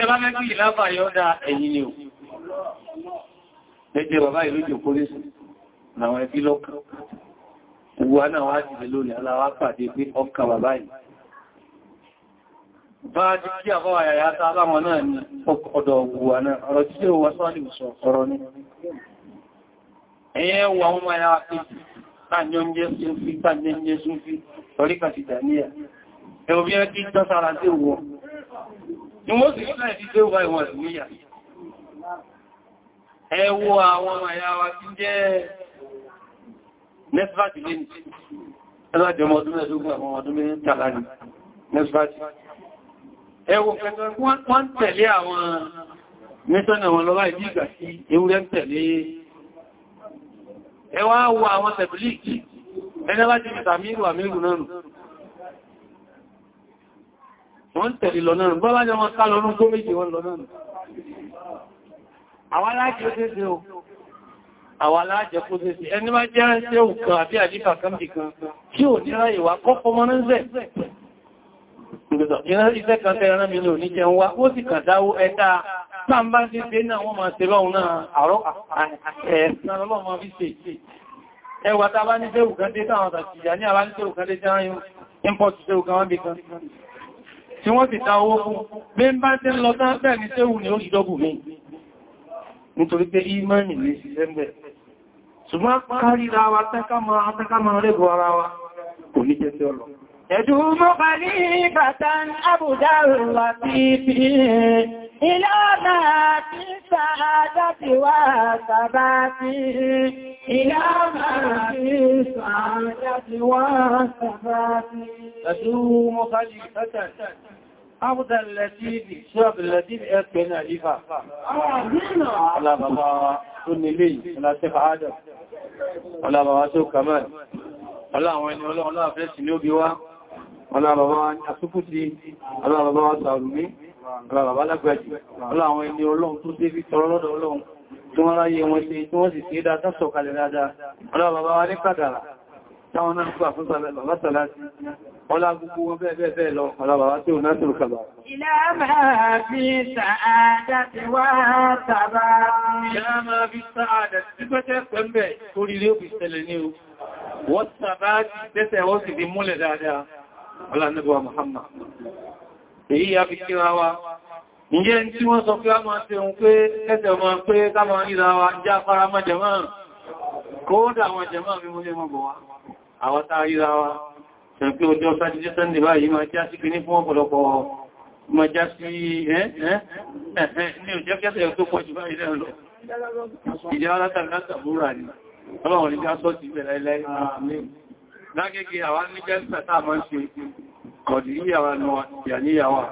[SPEAKER 3] ẹ bá mẹ́gbì ìlàbà yọ́dá ẹ̀yìn o ẹjẹ́ bàbá ìlú jòkó lẹ́sùn àwọn ẹbí lọ́kàn wà náà wá jìdẹ lónìí aláwá pàdé pé ọkà bàbá yìí bá kí àbọ́ àyàyà ta aláwọn náà ni ọdọ̀ ògùwà náà ọ̀rọ̀ tí ó wá sọ́ọ̀lì ìṣọ̀ ọ̀rọ̀ ni ẹ̀yẹ́ wà wọ́n máa pé tàjọ ń jẹ́ Súfí tàjọ ń jẹ́ Súfí tọ́ríkà ti dàníyà ẹ̀wọ̀ bí ẹkí tọ́sára tí wọ́
[SPEAKER 1] ni wọ́n sì sílẹ̀ ti
[SPEAKER 3] dé wà ìwọ̀n ìwúyà ẹwọ àwọn ọmọ ẹ̀yà wa tí jẹ́ nẹ́sìfàtì lẹ́nì ẹlọ́jọ ọmọ tẹ̀lé ẹ wá wo àwọn tẹ̀bílìkì ẹni bá ti fìtà mírù àmírù náà wọ́n tẹ̀lì lọ náà bọ́ bá jẹ́ wọn sálọ ní gómìnì wọn lọ náà àwọn aláàjẹ́ ó tẹ́sẹ̀ o àwọn aláàjẹ́ kó tẹ́sẹ̀ ẹni bá jẹ́ ṣe òkan àbí àdífà kan
[SPEAKER 2] kí ò ní ráyè wá kọ́kọ́
[SPEAKER 3] Táà bá ṣe ṣe náà wọ́n máa ṣe lọ́hun náà àrọ́ ẹ̀ẹ̀sán lọ́wọ́ máa fi ṣe. Ẹwà tá bá ní ṣéwù kan dé táwọn àtàkìyà ní àbá ní ṣéwù kan dé jáyún, ìmpọ̀tù ṣéwù kan wọ́n bí kan.
[SPEAKER 1] Tí wọ́n ti ta owó fún, bí
[SPEAKER 3] ń bá ti lọ tán bẹ́ẹ̀ ni ṣéwù ni ó ṣìdọ́gù mi. Nítorí pé ìmọ̀nì lè ṣiṣẹ́ ń bẹ̀. Ṣùgbọ́n
[SPEAKER 1] kárí ra wa
[SPEAKER 3] tẹ́ká
[SPEAKER 2] يدوم خليفة أبدا اللطيف إلى ما في السعادة والثبات إلى ما في السعادة والثبات
[SPEAKER 1] يدوم
[SPEAKER 3] خليفة أبدا اللطيف شاب اللطيف أتكن أليفا على بابا سني لي ولا شيخ عادة ولا بابا سوء كمان ولا وين ولا ولا فلسي نوبي واه aláàbàbá asúkúsí aláàbàbá sàrùmí
[SPEAKER 1] aláàbàbá lágbàjì
[SPEAKER 3] aláàwọn ẹni ọlọ́run tó dé fi tọrọ lọ́dọ̀ ọlọ́run tó wọ́n ráyé wọn ṣe tí wọ́n sì ṣe dáadáa sọ̀kalẹ̀ dáadáa aláàbàbá wá ní kàdàrà táwọn náà gbà fún bàbá sàlásí ọlá wọn bẹ́ẹ̀ bẹ́ẹ̀ lọ ọlá tí ó náà tó kàbà
[SPEAKER 2] Ilá máa fi
[SPEAKER 3] sàádà ti wá aláàrínlẹ́gbọ́wà
[SPEAKER 1] Muhammad èyí ya fi kíra wa
[SPEAKER 3] ǹjẹ́ tí wọ́n sọ pé a máa ṣe ohun pé ẹsẹ̀ máa pé ká máa ríra wa já fara mọ́ jẹmọ́ kóódà àwọn jẹmọ́ mi mú lé mọ́ bọ̀ wá àwọn tá ríra wa ṣẹ̀ pé ọjọ́ sátidé sẹ́ndì báyìí máa já sí ni lágẹ́gẹ́ àwọn ní jẹ́sà táàmọ́ ṣe kọ̀dìríyàwà náà yàníyàwà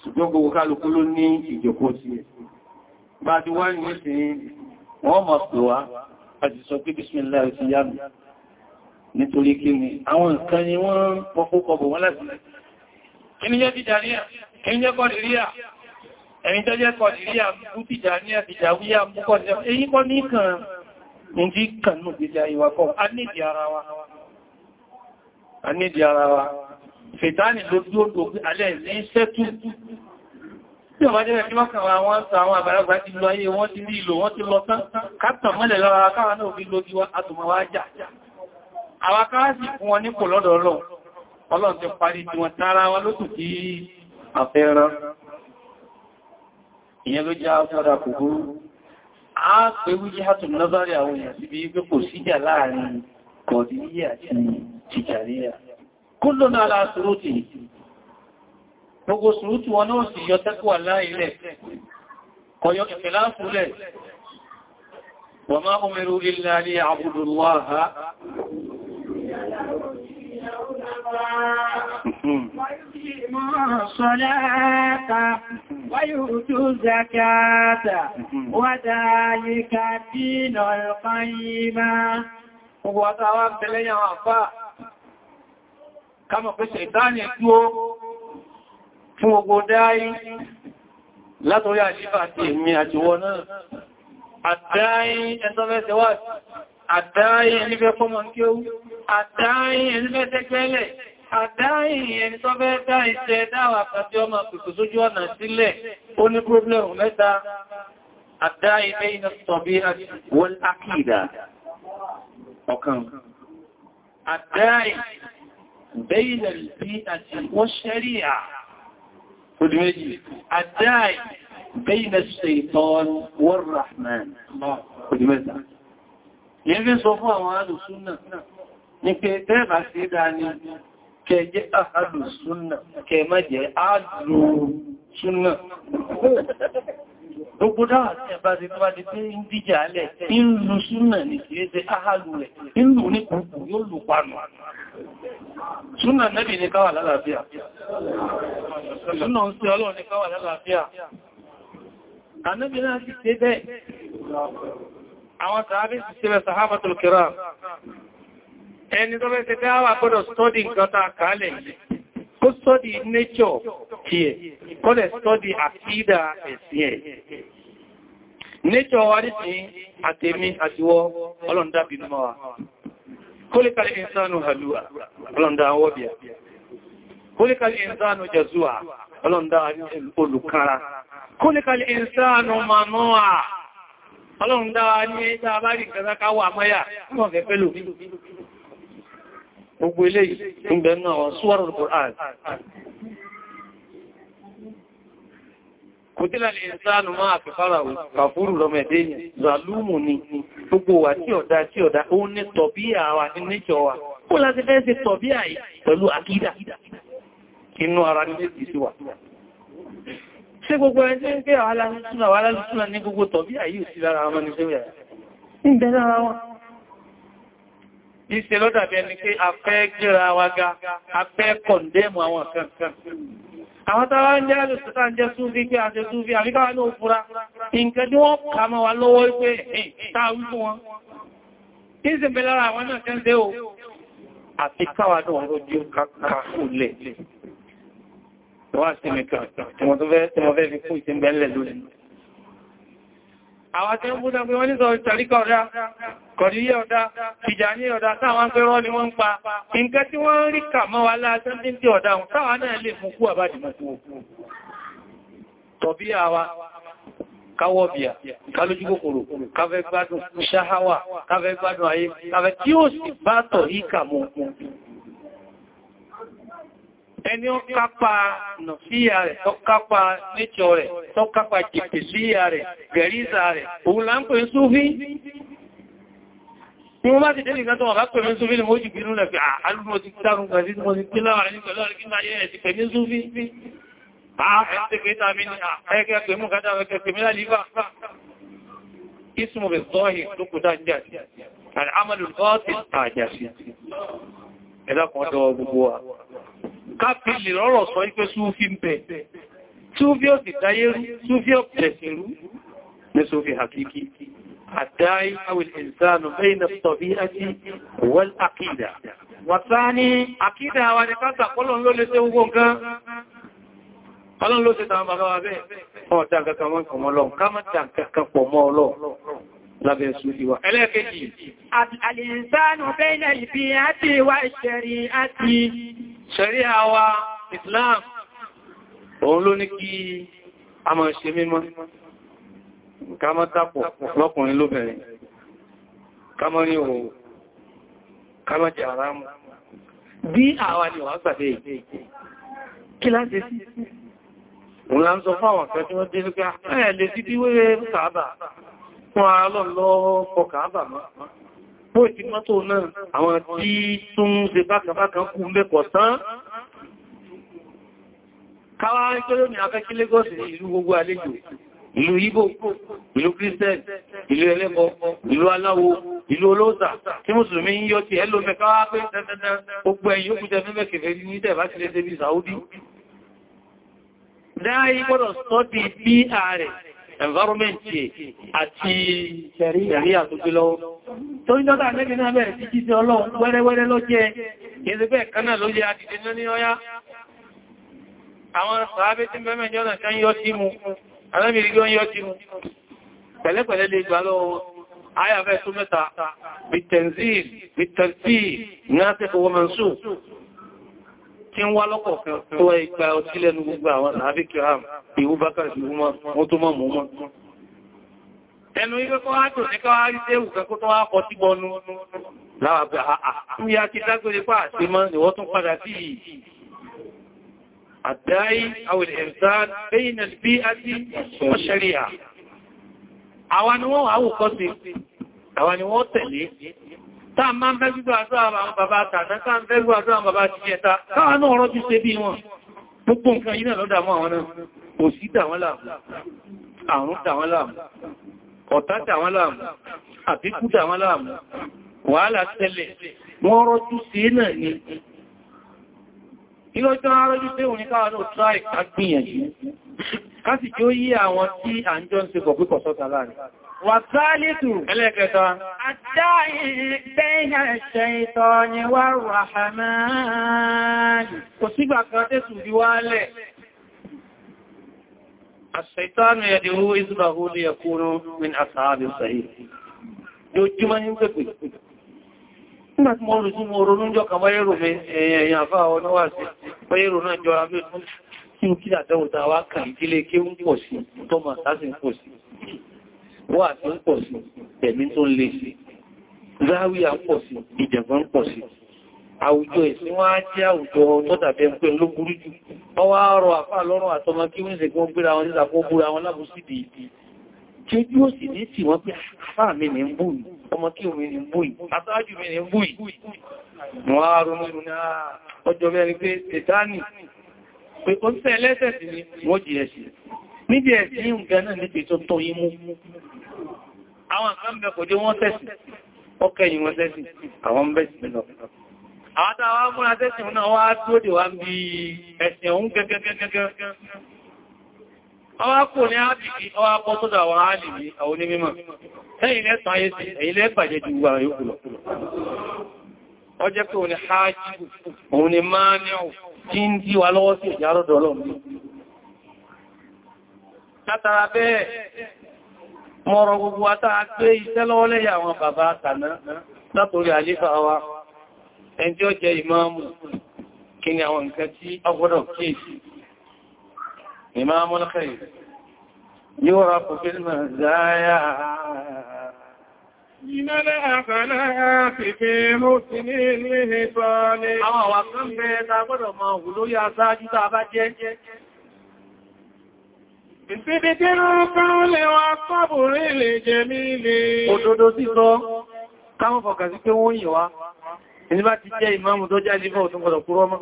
[SPEAKER 3] ṣùgbọ́n gbogbo kálukú ló ní ìjòkó sí ẹ̀ bá ti wá ní sí wọ́n mọ̀ pè wá àti sọ pé bismillah ti yá mi nítorí kí ni àwọn nǹkan ni wọ́n pọ̀pọ̀pọ̀ wọ́n láti kí ni jẹ́ tìjàníyà kí ni jẹ́ kọ̀dìríyà ẹ̀yìn tó jẹ́ kọ̀dìríyà mú tìjàníyà tìjàwíyà mú kọ̀dìríyà ní tí kànú gbèjà ìwà kọ́ a nídi ara wa a nídi ara wa fètánì ló bí ó dò pé alẹ́ ní sẹ́tù tí ọba jẹ́ ẹ̀kí mọ́kànlá wọn sọ àwọn àgbàlagbà ti lọ ayé wọ́n ti ní ìlò wọ́n ti lọ tán kátàn mọ́lẹ̀ lára káwà náà fi lójú wa àtùmọ̀ wá jà àwọn a pè wíjí hàtùn lọ́bárí àwọn èèyàn síbi wípé kò síjà láàrin kọ̀dìríyà àti tìjàríyà kúlò náà láàsùrútì gbogbo sùrútù wọn náà sì yọ tẹ́kùwà láìlẹ̀ kọ̀yọ ìfẹ̀láfúlẹ̀
[SPEAKER 2] ويقيموا الصلاة ويؤتوا الزكاة وذلك الدين القيمة
[SPEAKER 3] هو طواف لي وفاء كما في الشيطان يكون فوق داي لا تريد شفاته مئة ونا الداي انت بيتواس الداي اللي بيقوم انكيو الداي اللي بيتكلي àdáyìn ẹni tó fẹ́ dá iṣẹ́ dáwà tàbí ọmọ pẹ̀kù sójú ọ̀nà sílẹ̀ ó ní pọ́blẹ̀mù mẹ́ta àdáyìn bẹ́yìn tọ̀bí wọ́n àkìdà ọ̀kan àdáyìn bẹ́yìn bí àti wọ́n ṣẹ́ríà àdáyìn bẹ́yìn ṣètọ́n wọ́n rahman ní pé tẹ́ẹ̀bà kẹjẹ́ àádù súnà kẹmẹ́jẹ́ àádù súnà gbogbo dáwà tí ẹ̀bá ti tó bá ti pé ń díjà alẹ́ ìlú súnà ní kìí ṣe áhàlù rẹ̀ ìlú ní kùkù yóò lù pàánù súnà nẹ́bì ní káwà lálàáfíà
[SPEAKER 1] súnà ń sí ọlọ́run ní
[SPEAKER 3] káwà lálàáfíà ànábì náà àwọn tàbí ti ṣe bẹ́ sàhábàtul kiram ẹni tó fẹ́ ṣe fẹ́ àwà gbọ́dọ̀ stọ́dì nǹkan tàà kàálẹ̀ yìí kó stọ́dì nature kí ẹ̀ kọ́lẹ̀ stọ́dì àkídà ẹ̀sìn ẹ̀ nature wa ní sí àtẹ̀mí àtiwọ́ ọlọ́ndà bí mọ́ wa kólíkàlẹ̀ ìsánù halúwà ọlọ́ndà wọ́bíà ní ẹjá bá rí káwà mọ́yà mọ́ fẹ́ pẹ́lú gbogbo ilé ìgbẹ̀nú àwọn súwárùn Qur'an kò dílà lè sáànù máa fi fárawù kàfúrù lọ́mẹ̀dé zàlúmù ni gbogbo wà tí ọ̀dá tí ọ̀dá ó ní tọ̀bíà wa ní níkẹ̀ wa ó láti fẹ́ sí tọ̀bíà yìí pẹ̀lú àkídà inú ara ní méjì sí wà
[SPEAKER 2] ṣe gbogbo ẹjẹ́ ń pé àwọn
[SPEAKER 3] alálùsúnà ní gbogbo tọ̀bíà yìí ìṣe ló dàbí ẹni pé a fẹ́ gbéra wa ga a fẹ́ kọ̀ndẹ́mù àwọn kankan àwọn tàbá ń jẹ́ alùsùtà ń jẹ́ súnfí pé àṣẹ súnfí àríkàwà ní òfúra nǹkan tí wọ́n kà mọ́ wa lọ́wọ́ pé táà wí fún wọn kí sì àwọn tí ń búdá pé wọ́n ní sọ ìtàríkà ọ̀dá kọ̀díyẹ ọ̀dá Tìjàní ọ̀dá táwọn ń ni wọ́n ń pa nǹkan tí wọ́n ń rí kà mọ́ wa láàájọ́ ní tí ọ̀dá hùn táwọn náà lè mú kú àbájìmọ̀ tọ̀bí àwa káwọ́bíà ẹni ó kápa nọ̀fíà rẹ̀ tó kápa níṣọ́ rẹ̀ tó kápa jìpèsíyà rẹ̀ gẹ̀ríza rẹ̀ òun là ń pè súfí ní wọ́n bá ti délì gẹ́tọ̀ ọ̀gá pè mí súfí ni mo jù bínú rẹ̀ fi ah, àálùmọ́ ti dárùn gẹ̀rí mo ti kí láwà ní pẹ̀lú ọ̀rẹ́ kí sí, al'amalul ọ́tí gbogbo wa kápìlì rọ́rọ̀ sọ ipé súnfí ń bẹ̀. súnfí ò sì dáyé rú súnfí ò pẹ̀sẹ̀ rú ní súnfí hakiki àdáyí awil ìsànù bẹ́yìn tọ̀bí àti wọ́l àkídà wàtá ní àkídà wa ní kásà kọ́lọ̀n ló lè ṣe gbogbo nǹkan ọlọ́n ló ṣe tàwọn bàbá wa bẹ́ẹ̀ ọ̀dá kankan wọn lábẹ́ ṣúdí wa. ẹlẹ́ẹ̀kejì
[SPEAKER 2] àlìsànù bẹ́yìn ìfihàn àti ìwà ìṣẹ̀rí àti
[SPEAKER 3] ṣẹ̀rí àwa Islam òun ló ní kí a máa ṣe mímọ́ ká má tàpọ̀ lọ́kùnrin lóbìnrin ká má ní òun ká má jẹ ara mú bí àwa ni wà gbàdé kí láti sí òun la ń sọ fáwọn kan tí wọ́n dé lókè ah, ẹ̀ lè sí bí wéré kàábà fún ara lọ́ bó ti mọ́tò náà àwọn tí tó ń ṣe bákàbákan kú mẹ́kọ̀ tán káwà ìtọ́lọ́ ni afẹ́kí Lagos ìlú gbogbo àlejò ìlú Ìgbò ìlú Christian ìlú ẹlẹ́bọ ìlú aláwo ìlú olóòsà tí mùsùlùmí ń yọ ti ẹlò mẹ́káwà pé tẹ́tẹ́tẹ́ gbogbo ẹ̀yìn ó kújẹ fún mẹ́kẹ̀fẹ́ ní ìtẹ̀bá ti lè débi Saudi dáa yí gbọ́dọ̀ environment àti ẹ̀rí àtúgbé lọ́wọ́. Tó ń dọ́dá lẹ́gbẹ̀ẹ́ náà bẹ̀rẹ̀ sí jíjẹ ọlọ́run wẹ́rẹ́wẹ́rẹ́ ló jẹ́ ìrẹ́bẹ̀ kanáà ló jẹ́ àdìdẹ náà ní ọyá. Àwọn sàábé tí mẹ́mẹ́ mu, alábìrí yọ́ mu, pẹ̀lẹ́pẹ̀lẹ́ lè gbà lọ́wọ́ ayàfẹ́ tó mẹ́ta, bìtẹ̀nzíl, bìtẹ̀sí, náà tí ń wá lọ́pọ̀ tó ìgbà ọtí lẹ́nu gbogbo àwọn àbí kí àmì ìwú bákà sí wọ́n tó mọ̀ mú mọ́. ẹnu ilé kọ́ ájò ní káwà rí tẹ́ ìwùkẹ́ kó tó wá kọ sí bọnú láwàgbà àà ní a ti dágbére pà àti mọ́ ni wọ́n tún padà sí àdáyí àwìlẹ̀ ẹ̀msáà lẹ́yìn ẹ̀lbí àti ọ̀ṣẹ́ríà àwọn ni wọ́n àwòkọ́ sí àwọn ni wọ́n tẹ̀lé táà máa ń fẹ́ gbígbà àdúrà àwọn bàbá tàná káà ń fẹ́ gbígbà àdúrà àwọn bàbá ti jẹta káà náà rọ́jú ṣe bí wọn gbogbo nǹkan yìí náà lọ́dà mọ́ àwọn náà kò sí dàwọn láàmú àrùn dàwọn láàmú ọ̀tá dàwọn láàmú àbíkú dàwọn láàmú wàhálà tẹ́lẹ̀ wọ́n rọ́jú sí náà ni ìlọ́jọ́ arọ́jú pé òní káwà náà try ká gbìyànjú ó yí àwọn tí à ń jọ ń ṣe pọ̀ pípọ̀ sọ́ta láàrin والثالث
[SPEAKER 2] الداعي بين الشيطان والرحمن وسيبا كاتس بيواله
[SPEAKER 3] الشيطان يدعو إذبه ليكون من أصحاب الصحيح jojúmọ́ ní pẹ̀pẹ̀ nígbà tí mo rú sí mo ronú jọ kàwà èrò mi èèyàn àfáà ọlọ́wà sí pé èrò náà jọra wà tí ń pọ̀ sí ẹ̀mí tó ń lè sí záwíyà ń pọ̀ sí ìjẹ̀gbọ́n ń pọ̀ sí àwùjọ ìsìn wá jẹ́ àwùjọ tó dàbẹ̀ ń pè ló burú jù wọ́n wá rọ àfà lọ́rùn àtọmọ kí wọ́n ìsìnkú gbéra wọn nígbà kó búra wọn lábùsí di ìdí tí ojú ó sì ní sí wọ́n pé àfà ń bùi ah, ẹlẹ́sẹ̀ sí ni wọ́n jìyẹ̀ sí níbi ẹ̀sìn ìhùn gan náà níbi tó tó yín mú àwọn kan bẹ kò jẹ́ wọ́n tẹ́sì ọkẹ̀yìn wọ́n tẹ́sì àwọn bẹ́sì lọ àwọn tàwà múra tẹ́sì náà wá tó dì wá bí ẹ̀sìn òun gẹ́gẹ́gẹ́gẹ́gẹ́ ọwá kò ní ábìkì ọwá bọ́ tó dà wọ́n áàlìmí àwọn onímọ̀ ẹ̀yìn lẹ́tàn ayé sí ẹ̀yìn lẹ́bàjẹ́ ju wà yóò lọ ọjẹ́ pé òun ni háájì òun máa ní ọ̀ tí ń dí lọ́wọ́ sí ìjárọ̀dọ̀ ọlọ́run látara
[SPEAKER 1] bẹ́ẹ̀
[SPEAKER 3] mọ́rọ̀ gbogbo atáa pé iṣẹ́ lọ́wọ́ lẹ́yà àwọn bàbá àtàná látorí àlífà wa ẹn tí ó jẹ ìmáàmù kí ni àwọn nǹkan tí ọgbọ́dọ̀ kíèsì ìmáàmù lọ́kẹ̀ẹ́ yóò ra kò fí mọ̀ záyà
[SPEAKER 2] Ìnálẹ́ àfẹ́lẹ́
[SPEAKER 3] Ìsìdí tí ó kán lè wá sọ́bùrí lè jẹ nílé. Òdodo sísọ, káwọn fọ̀kà sí pé wọ́n yìnwá. Ẹni bá ti jẹ́ ìmáàmù tó jáde fún ọ̀tún gbọdọ̀ kúrọ́ mọ́.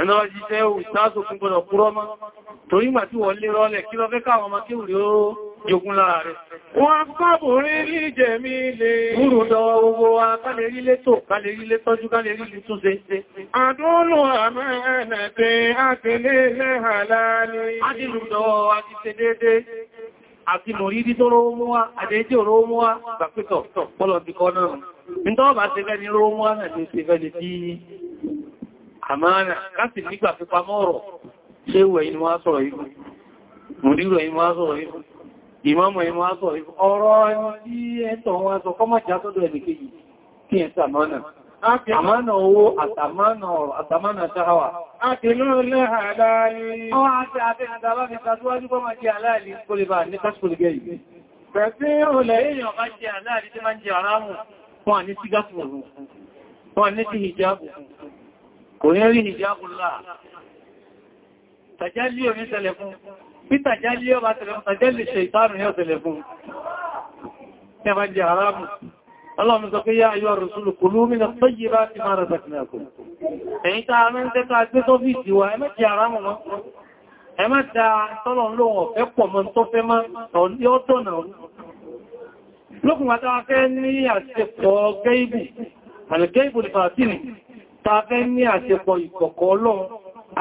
[SPEAKER 3] Ẹni bá ti jẹ́ òṣìṣẹ́ jogun láàrẹ. Wọ́n fábùnrin ní jẹ̀mí lè múrù lọ́wọ́ gbogbo wa kálẹ̀ rí létò, kálẹ̀ rí létọ́jú, kálẹ̀ rí lè túnṣe. Àdúnlù àmọ́ ẹ̀nàdé àtẹlé lẹ́hàlá ní. Ádìlù lọ́wọ́ wa ti ṣe déédé. Àti mòrídí tó rówó mú wá, àdéjì ni ti ṣe fẹ́ ni tí àmánà láti nígbà pípamọ́ ọ̀rọ̀ ṣé ìwẹ̀ ìmọ́mọ̀ ìmọ́ sọ ọ̀rọ̀ tí ẹ̀tọ̀ wọn sọ kọ́mọ̀ jà sọ́dọ̀ ẹnìkejì kí ẹ sàmánà àmánà owó àtàmánà ọ̀rọ̀ àtàmánà ṣáhàwà
[SPEAKER 2] àtìlú lẹ́hàdáàlì ọwọ́ àti àti àdàbà fi tàṣíwájú kọ́mọ̀ jẹ́ aláàlì
[SPEAKER 3] kólébà ní káṣkólégẹ́ yìí pẹ̀sí olè èèyàn bá jẹ́ aláàlì tí máa ń jẹ́ aráàmù fún àní sí gáfùrù kò
[SPEAKER 1] ní rí hijabu
[SPEAKER 3] láà tàjá lí oníṣẹ́lẹ̀ fún Peter Jálí ọba tẹ̀lẹ̀ ṣe ìtàrù ní ọ̀tẹ̀lẹ̀ fún. Ẹ máa jẹ haramu. Ọlọ́run sọ pé yá ayọ́ rùsùlù kò ló mínà tó yí bá ti máa rẹ̀sẹ̀kìnàkùn. Ẹ̀yìn tàà mẹ́ ń tẹ́ta gbé tó fi ìsìwà ẹ mẹ́ ti haramu mọ́. Ẹ mẹ́ ta tọ́lọ̀ ń lóhun ọ̀fẹ́ pọ̀ mọ́ tó fẹ́ mọ́ yóò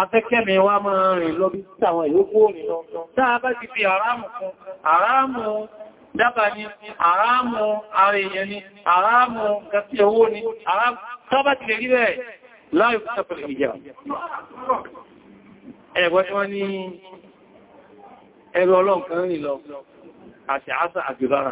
[SPEAKER 3] afẹ́kẹ́mi wá máa rìn lọ bí àwọn ìyókù òrìn lọ táa bá ti fi àrámù fún àrámù dábà ni àrámù ara èèyàn ni àrámù gàtí owó ni àrámù tó bá ti lè rí bẹ́ẹ̀ láì fún sàpẹ̀lẹ̀ ìjà ẹ̀gbọ́n tí wọ́n ní ẹgbẹ́ ọlọ́nkan rìn lọ àṣà àṣà àjùbára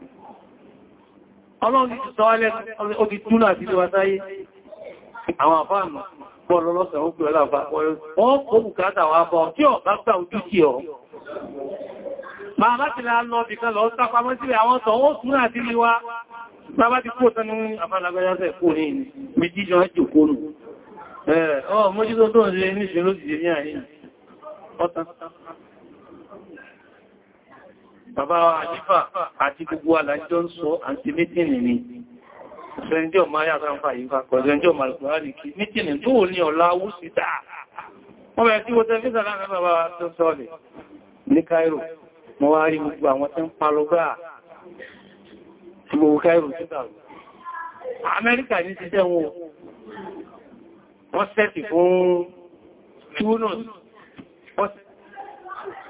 [SPEAKER 3] Ọlọ́run ti sọ alẹ́ ó ti túnà sí lọ sáyé. Àwọn àfáàmù bọ́ọ̀lọ́ lọ́sẹ̀ ó pè ọlá àpapọ̀ wọ́n kó bùkátà wà bọ́ tí ọ̀ bá gbà ojú kí ọ. Máa bá ti lọ bí kan lọ sápamọ́ sílẹ̀ àwọn tọ̀ ó túnà sí lé wa. Bàbá ti kó tánú afánagbẹ́yàsẹ̀ kó ní méjì jọ ẹjù kó nù. Ẹ̀ ọ́ mọ́jú tó tó ń ṣe ní ìṣẹ́ ló ti ṣe ní àyíyàn. Ọ́tán bàbá àjífà àti gbogbo alájọ́ ń sọ àti mítìnì ni ṣẹ́njọ́ máa yà sáńfà yíká pẹ̀lẹ́njọ́ màlùkùnránìkì mítìnì tó ní ọ̀lá wú síta wọ́n bẹ̀rẹ̀ tí wọ́n tẹ́ fíṣà láàrín bàbá tó sọ́ọ̀lẹ̀ ní Cairo mo wá rí gbogbo àwọn tẹ́ ń palọgbà tí gbogbo Cairo tó
[SPEAKER 1] dàrú Amẹ́ríkà
[SPEAKER 3] ní ti jẹ́ wọn wọ́n sẹ́ẹ̀tì fún Tunis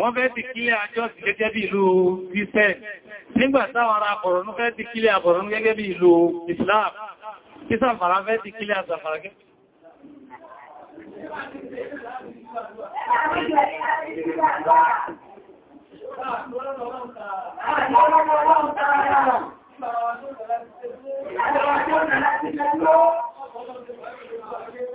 [SPEAKER 3] wọ́n fẹ́ ti kílẹ̀ àjọ́ sí gẹ́gẹ́ bí ìlú Christian nígbà táwọn ará Borno fẹ́ ti kílẹ̀ Borno gẹ́gẹ́ bí ìlú Islam kí Zamfara fẹ́ ti kílẹ̀ Zamfara gẹ́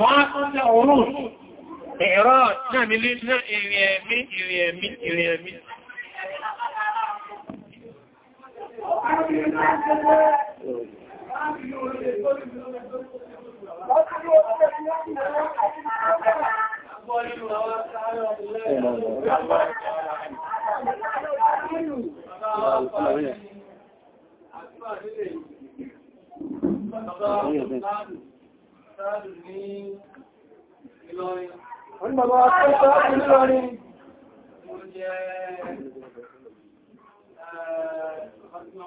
[SPEAKER 2] Wọ́n tún jẹ́ òórùn,
[SPEAKER 3] ẹ̀rọ náà nílé náà ìrìn ẹ̀mí, ìrìn ẹ̀mí, ìrìn ẹ̀mí.
[SPEAKER 1] Ìlọrin. Mo jẹ́ Ọmọ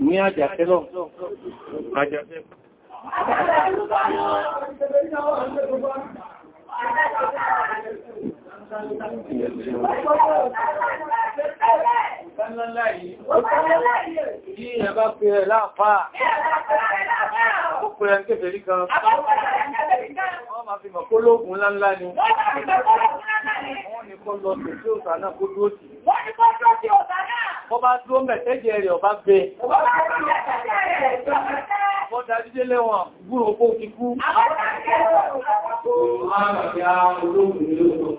[SPEAKER 3] ní àjàfẹ́ lọ.
[SPEAKER 1] Kí èèyàn
[SPEAKER 2] bá fi rẹ̀ láàfáà, ó pèrè ń kéfèé rí kan, wọ́n máa fi mọ̀ kó lóògùn ńláńlá ni, wọ́n ni kọ́ lọ sí
[SPEAKER 3] tí náà kó dúó
[SPEAKER 2] kọ́ lọ sí òsà náà.
[SPEAKER 3] Ọba dúó mẹ̀tẹ́jẹ rẹ̀ ọba gbé. Ọba dúó mẹ̀tẹ́jẹ rẹ̀ ọba gbé ọ̀dá dídé lẹ́wọ̀n gúrò kó ti Àwọn
[SPEAKER 2] akẹ́kọ̀ọ́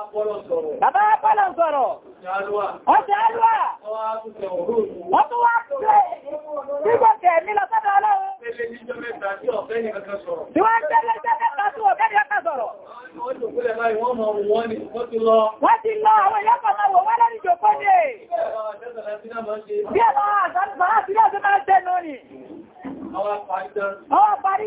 [SPEAKER 2] Bàbá Apọ́lọ̀ ń sọ̀rọ̀. Ọjọ́ alúwà. Wọ́n tún wá pẹ́ nígbọ̀kẹ̀ ní lọ sọ́dọ̀ ọlọ́run. Tí wọ́n tẹ́lẹ̀ tẹ́lẹ̀ tọ́ sí ọ̀gẹ́dì ọkà sọ̀rọ̀. ti wọ́n lẹ́ni jòkó ní èyí. Bí ẹ̀lọ́ àṣà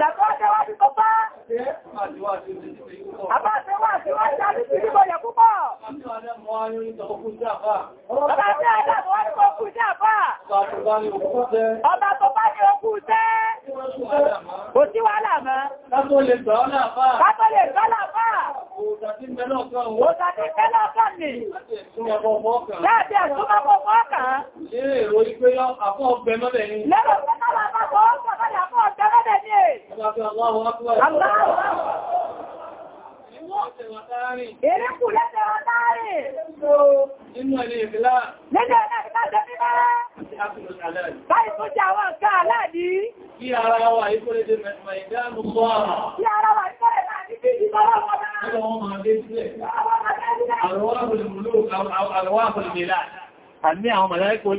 [SPEAKER 2] Bàbá àtẹwà ti kọpá. Bàbá àtẹwà ti wá jáde sí ìbọ̀yẹ̀ púpọ̀. Bàbá àtẹwà ti wá ní ọkùnjẹ́ àpá. Ọba tó Erékùnlé tẹ̀wọ́ táàrí. Nínú ẹni ìfìlá. Nínú ẹni ìfìlá Báyìí tó jẹ́ àwọn nǹkan aláàdí.
[SPEAKER 3] Kí ara wa ìkórè dé mẹ́ta ìdáàmù kọ́ àmà.
[SPEAKER 2] Kí ara wa ìkórè láti bí ìbára wọn náà. Ọlọ́wọ́
[SPEAKER 3] máa dé sílẹ̀.
[SPEAKER 1] Àrọwà àpòlùmùlò,
[SPEAKER 3] àrọwà àpòlùmìlà. Àmì àwọn màláríkò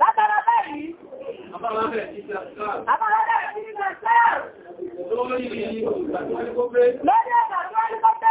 [SPEAKER 2] Látara báyìí,
[SPEAKER 1] àbáwọ́bẹ̀ ti ṣe àṣáà. Lórí ìgbàtí
[SPEAKER 2] pé.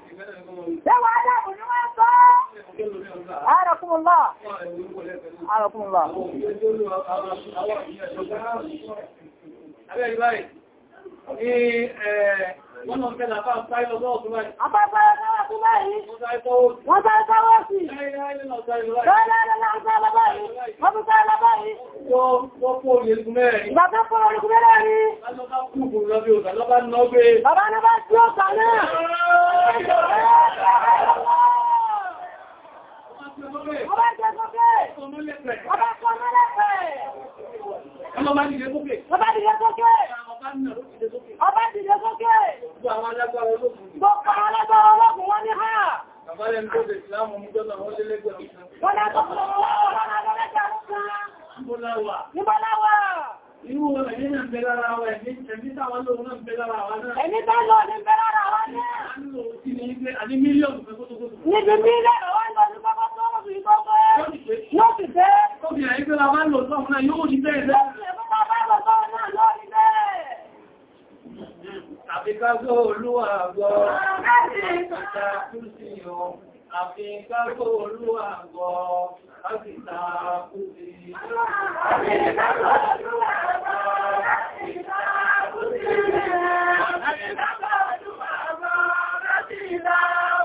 [SPEAKER 2] Lẹ́wọ̀ aláàbò ní wọ́n sọ Ààrẹ̀kúnmùlá. Ààrẹ̀kúnmùlá. Wọ́n lọ fẹ́ làfáà ń sáré lọ́wọ́ ọ̀tún báyìí. Àpapọ̀ ẹ̀kọ́ wà sí báyìí. Wọ́n sáré sọ́wọ́ sí. Wọ́n tún sáré lọ́báyìí. Wọ́n kó olè lùkú mẹ́rin. Ìgbà tó kó olè lùkú mẹ́rin. Lọ́bá kúrò lọ́bí ògbà lọ́bá náà gbé. Bàbá náà bá tí ó kà náà. Wọ́n bá jẹ́ sókè. Wọ́n bá kọ́ mẹ́lẹ́fẹ́. Wọ́n bá dìde sókè. Ọba dìde sókè. Gbogbo àwọn alágbára ológun wọ́n ní ha. Bàbá rẹ̀ ń tó lè ìsìlámù mú jọ́nà wọ́n lé lẹ́gbẹ̀rún. Wọ́n lẹ́gbẹ̀rún wọ́n lọ́nà lẹ́gbẹ̀rún. Níbọ̀láwà. Níbọ̀láwà. Irú ẹ̀mí náà bẹ lára wa ẹ̀mí táwọn lóòrùn náà bẹ lára wa náà. Ẹ̀mí táwọn lóòrùn náà bẹ lára wa náà. A ń lò ó sí ní ilé, a ní mílíọ̀nù fẹ́ kó Àfikágó olúwa àgọ́, àfíkàtà
[SPEAKER 3] kúrúsí yọ, àfikágó olúwa àgọ́,
[SPEAKER 1] àfíkà kúrúsí.
[SPEAKER 2] Àfikágó olúwa àgọ́, àfíkà
[SPEAKER 1] kúrúsí. Àfikágó olúwa àgọ́, àfíkà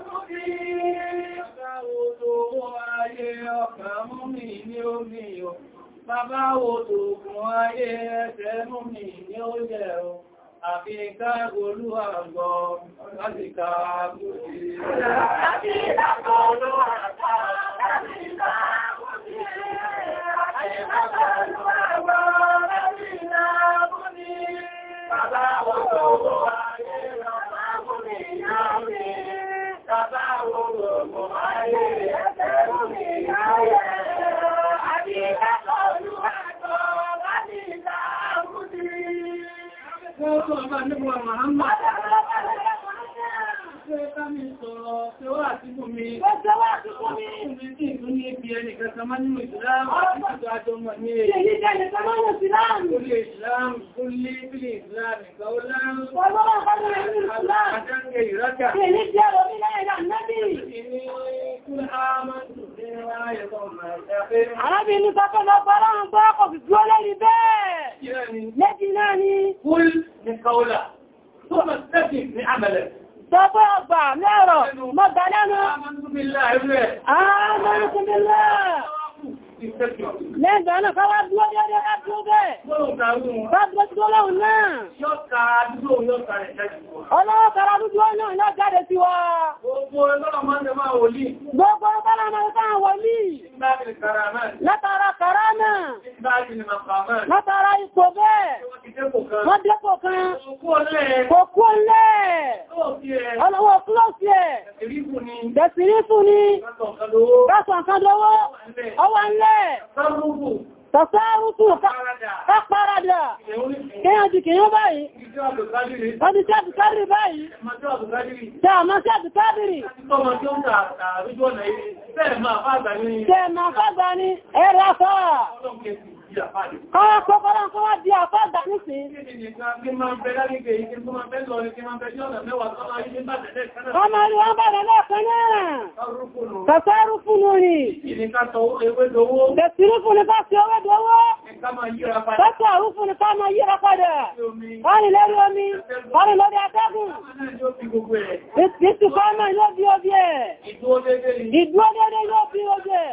[SPEAKER 2] kúrúsí. Àgbáwo tó ayé ọkà mú mi ní omi yọ, bàbá wo tó gùn ayé ẹsẹ̀
[SPEAKER 3] mú mi ní ó jẹ́ o. Àfíká olúwàgbọ́ láti
[SPEAKER 2] ká múrí. Àfíká olúwàgbọ́ láti ká múrí. Àfíká olúwàgbọ́ ayé ọ̀pá mi. Bàbá ọ̀rọ̀ ọ̀rọ̀ Ọlọ́run bá nígbà Màhámà fẹ́ bá mi sọ̀rọ̀ ṣe wá àti fún mi. Ó ṣe wá àti fún mi. Ó ṣe kí ìlú ní ibi ẹni kẹta máa nínú ìsìláàmù àti ìjọ àjọ ọmọ ní èyí. Ṣèyí jẹ́ ìjọ máa nínú ìsìláàmù. Ó lè ìsìláàmù, ó lé bílé ìsìláàmù, ìgbà ó lárú. Ọlọ́run bá lè rí ìsìláàmù. Àjẹ́ ìrákà. Ṣèyí jẹ́ omi láìra tọ́kọ́ lọ bọ́rọ̀ ń bọ́ kò fi dúró lórí bẹ́ẹ̀. Méjì náà ni. Kúl ní Kaula, tó mọ̀ sẹ́kì ní àmàlẹ̀. Tọ́bọ́ ọgbà mẹ́rọ̀ mọ́gbà lẹ́nu. Àmọ́rùkú Lẹ́gbẹ̀ ọ̀nà ká wá dúró dédé ká dúró bẹ́ẹ̀. Ká dúró tí ó lọ́hùn náà. Ọlọ́wọ́ kára dúdú ó náà náà jáde sí wa. Gbogbo ọlọ́rọ̀ máa ń jẹ máa wòlí. Gbogbo ọlọ́rọ̀ máa ń jẹ máa wòlí. Látara kàrá náà. Látara ipò bẹ́ẹ̀. Wọ́n dépò kan. Kò kú ọlẹ́. Ọlọ́wọ́ kúlọ̀sì ẹ̀. Dẹ̀sìrí fún ni. Dẹ̀sìrí fún ni. Dẹ̀sìrí fún ni. Dẹ̀sìrí fún ni sílẹ̀ tọ̀sárùkù kápárádà kíyàn jù kíyàn báyìí ọdún tí àbùkádìrì báyìí tẹ́ àmá sí àbùkádìrì tẹ́ ma fàgbà ní ẹ̀rọ fáà Ọmọ orí wọn bàrẹ̀ lọ́ọ̀kan náà. Tàṣẹ́rù fún orí. Tẹ̀sìrú fún ní bá sí ọwọ́ dọwọ́. Tẹ́sẹ̀ àrú fún ní ká máa yíra padà. Ọrin lórí omi, ọrin lórí atẹ́gùn. Ìtìkọ́ náà yóò bí obi ẹ̀. Ìdúó dédé yóò bí obi ẹ̀.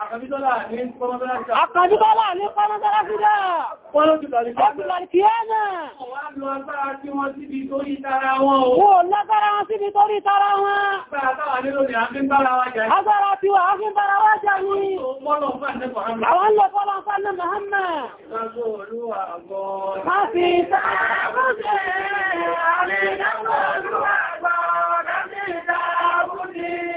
[SPEAKER 2] Àkàndíbọ́lá ní Pọ́nàdára fídá. Pọ́nàdára kìíyànà. Wọ́n lágbára wọn síbi torí tara wọn. Bàtàwà nílò ni a fi ń bára wá jà ní. Agbára tí wà á fi ń bára wá jà ní. Àwọn ń lọ fọ́lọ̀ ń fánà Muhammad. Má fi sáà bó ṣe
[SPEAKER 1] àrí ìdámọ̀ olúwàgbọ́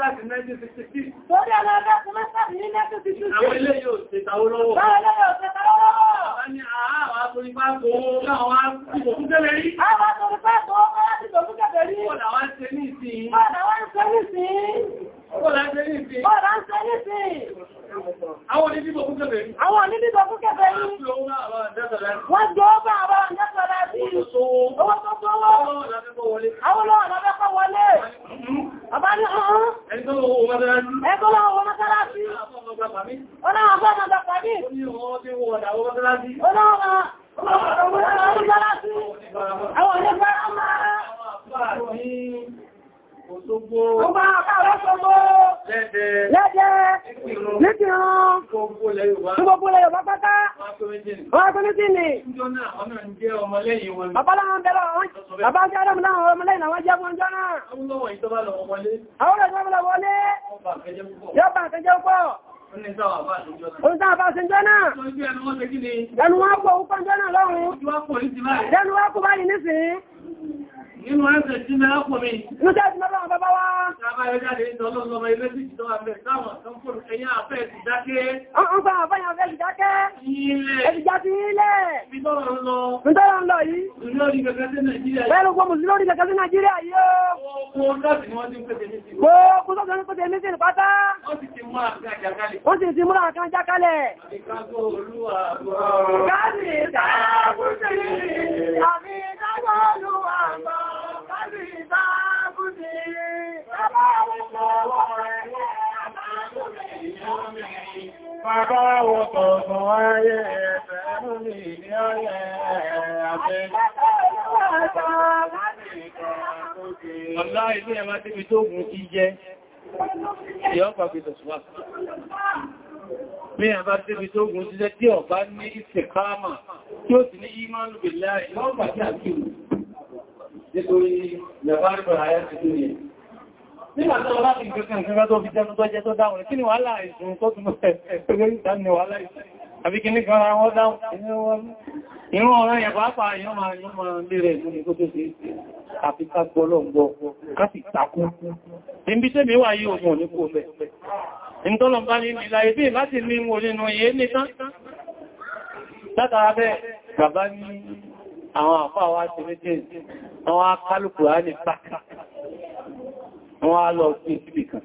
[SPEAKER 2] láti 1966.
[SPEAKER 3] wàhálà ìsùn kó túnmọ̀ ẹgbẹ́ ìdáni wàhálà ìsùn àbí kí ní kan wọ́n dáhùn ìrún ọ̀rẹ́ yẹn pàápàá yọ́ máa yọ́ máa lè rẹ̀ ìlú ní kó tó ṣe àfi ká gbọ́lọ̀ gbọ́ káfì takún níbi tẹ́ mi wà yí òun ní kó bẹ̀ ìtọ́lọ̀ bá ní ìlàyé bí láti ní mo nínú iye ní tán
[SPEAKER 1] látara bẹ́ẹ̀ bàbá
[SPEAKER 3] ní àwọn àfáà wá ti méjì àwọn akálùkù á ní pàkà wọ́n á lọ sí ibìkan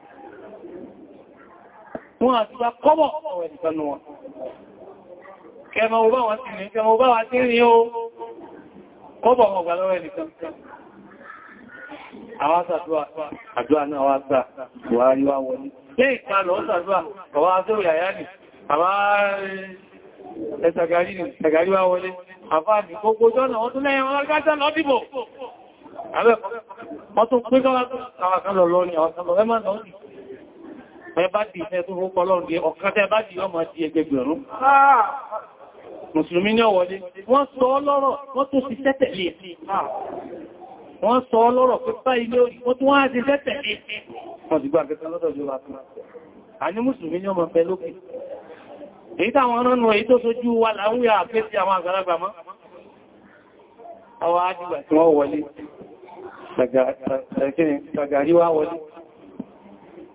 [SPEAKER 3] wọn àti bá kọ́bọ̀ ọ̀rọ̀ ìtànà wọn kẹmọ ọba wọn ti ní kẹmọ ọba wọn ti ní nì àwá wá wọlé àfáàdì gbogbo jọ́nà wọ́n tún lẹ́yìn wọn gájá lọ dìbò Àwọn
[SPEAKER 1] ẹ̀kọ́ mọ́ pín kọ́wàá tó
[SPEAKER 3] àwọn kan lọ lọ ní àwọn kan lọ ẹmọ́ ẹ bá dì ìfẹ́ tó rúkọ lọ́rùn gẹ ọ̀kan tẹ́ bá dì ọmọ ti ẹgbẹgbẹ̀rún mùsùlùmí ní ọ̀wọ́lé
[SPEAKER 2] wọ́n sọ ọlọ́rọ̀ wọ́n tó ti tẹ́tẹ̀lé wọ́n sọ ọlọ́rọ̀ pé bá ilé orí wọ́n tó wọ́n á ti tẹ́tẹ̀lé
[SPEAKER 3] wọ́n ti gbà kẹta lọ́dọ̀ jọba fún àní mùsùlùmí ní ọmọ pẹ lókè èyí táwọn ránù èyí tó sojú wa láwúyà àpẹ́sí àwọn àgbàlagbà mọ́ àwọn àdìgbà tí wọ́n wọlé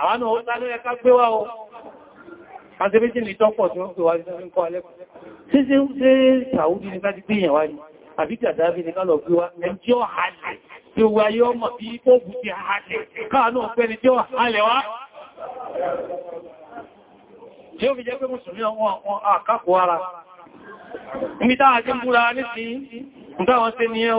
[SPEAKER 3] àwọn ọ̀wọ́ sálẹ́ ẹ̀ká gbé wá o àti méjì lè tọ́pọ̀ tí wọ́n pè wá ní kọ́ alẹ́kùn sí sí sí sàúdí ní káàkiri gbìyàn wá ní àbí gàdáfi ní kálọ̀ gbé wá ẹni tí ó halẹ̀ tí ó wáyé ọmọ bí ìpòbù ti halẹ̀ káànù ọ̀pẹ́ ni tí ó halẹ̀ wá tí ó fi jẹ́ pé mùsùlùmí àwọn àkàkù ara níbi táà jẹ́ múra ní sí ìdáwọn sí ni ẹ́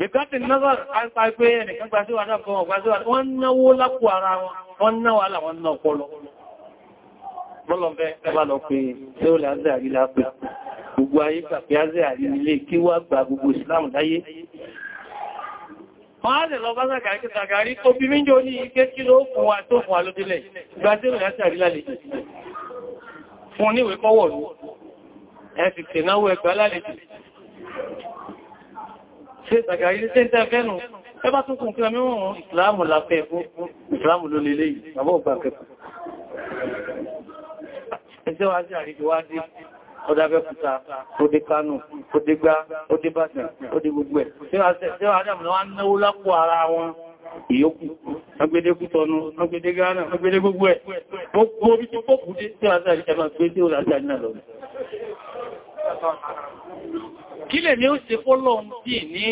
[SPEAKER 3] Bìkátìn náà àìpa pé ẹnìkan gba sí wàdá kan ọ̀gbá sí wàdá, wọ́n náwó lápò ara wọn, wọ́n náwó aláwọn náà pọ̀lọ. Bọ́lọ̀mẹ́ ẹbá lọ pé tí ó lè Azẹ́ àrílá pé gbogbo ayé pàpẹ́ Azẹ́ àrílé kí wá gba gbogbo Ìsìlámù láyé. Wọ́n á lè lọ bá sàkàrí kí sàkàrí tó bí míjọ ní ike kí ló fún wa tó fún wa ló délẹ̀. Ìgbà tí ó lè Azẹ́ àrílá lè kọ́wọ̀ lú. Ẹ náwó ẹgbẹ̀ alálejò ṣe tàgàrí ṣe ń tẹ́ fẹ́nu ẹbá tún kùn kí ọmọ ìwọ̀n ìsìláàmù láfẹ́ fún ìsìláàmù ló lè léyìí àbọ́ ọgbà kẹfà ẹjẹ́ wá sí àríjọwádìí ọdábẹ́kúta òdé kánù òdé gbá òdé bàtàn òdé gbogbo ẹ̀ tí wá dámù lọ wá náwó lápò ara wọn ìyókù ọgbẹ́dẹ́ kútọnú ọgbẹ́dẹ́ gánà ọgbẹ́dẹ́ gbogbo ẹ̀ gbogbo orí tó pọ̀ kú dé tí wá sí àríjọwádìí kí lè ní ó ṣe fọ́lọ́un tí ní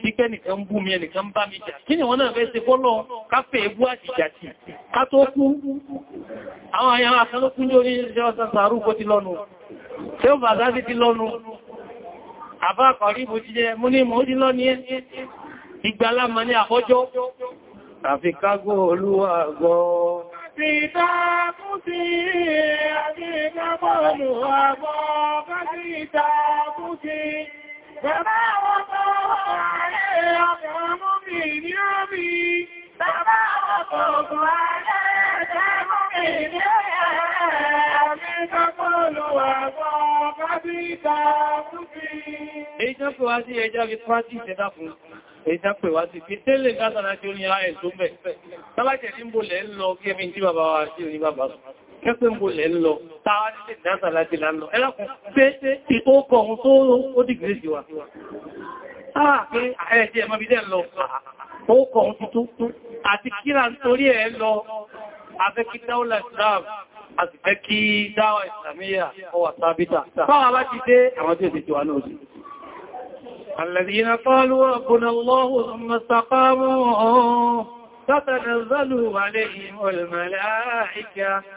[SPEAKER 3] pípẹ́ nìkan bú mi ẹnìkan bá mi jà kí ni wọ́n náà fẹ́ ṣe fọ́lọ́un káfẹ́ ebú àtìjà tì ká tó kú àwọn àyàwó akẹ́lókún ní orí ìṣẹ́ ọ̀sán sàárù kó ti lọ́nu tí ó bàzá sí ti lọ́nu àbá àkọ̀rí mo
[SPEAKER 2] كتابك فما وقف عليه دم من يمي فما وقف عليه دم من يمي تقول وقف كتابك
[SPEAKER 3] Ìjọ́pẹ̀ wá sí ẹjọ́ fi pàtí ìṣẹ́dá fún ìjọ́pẹ̀ sí fi tẹ́lẹ̀ gátàrà tí ó ní ààrẹ tó bẹ̀. Tọ́lájẹ̀ ní ń lẹ́ lọ kí ẹbí tí bàbá wá sí oní bàbá ẹgbẹ́ ń bolẹ̀ ń lọ táà nílé ìdásà láti là ń lọ ẹlọ́kùn pé tí ó kọ̀ ohun tó ó dìgbé sí wa àà pé ààrẹ tí ẹmọ bídẹ́ lọ ó kọ̀ ohun tuntun àti kíra nítorí ẹ̀ lọ afẹ́ kí dáúlà Islam àti fẹ́ kí dáwà Islamiyya ọwà sábítà báwa bá ti dé àwọn tí ó ti jọ náà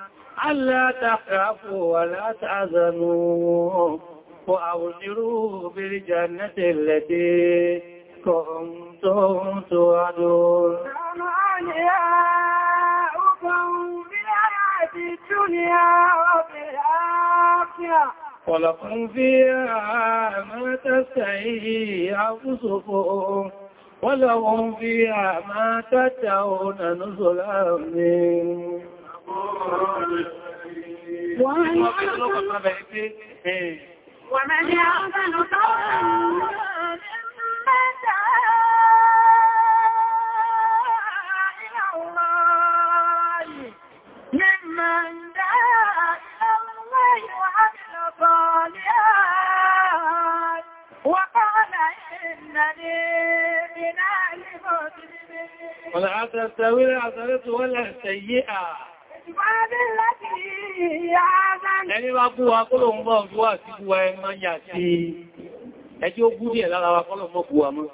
[SPEAKER 3] sí ألا تخافوا ولا تحزنوا وأبشروا بالجنة التي كنتم توعدون
[SPEAKER 2] نحن أولياؤكم في الحياة الدنيا وفي الآخرة ولكم فيها ما
[SPEAKER 3] تستحيي أنفسكم ولهم فيها ما تدعون نزلا منه
[SPEAKER 2] إيه.
[SPEAKER 1] ومن يعمل قولا مما
[SPEAKER 2] دعا إلى الله ممن دعا إلى الله وعمل صالحا وقال إنني من أهل المسلمين ولا
[SPEAKER 3] تستوي العثرة ولا سيئه
[SPEAKER 2] Ẹni wá kú wa kó lóun bọ́
[SPEAKER 3] fi wá sí kú wa ẹmọ yà sí ẹjí ó gúrí ẹ̀ lára wa kọ́ lọ mọ́ kú wa mọ́.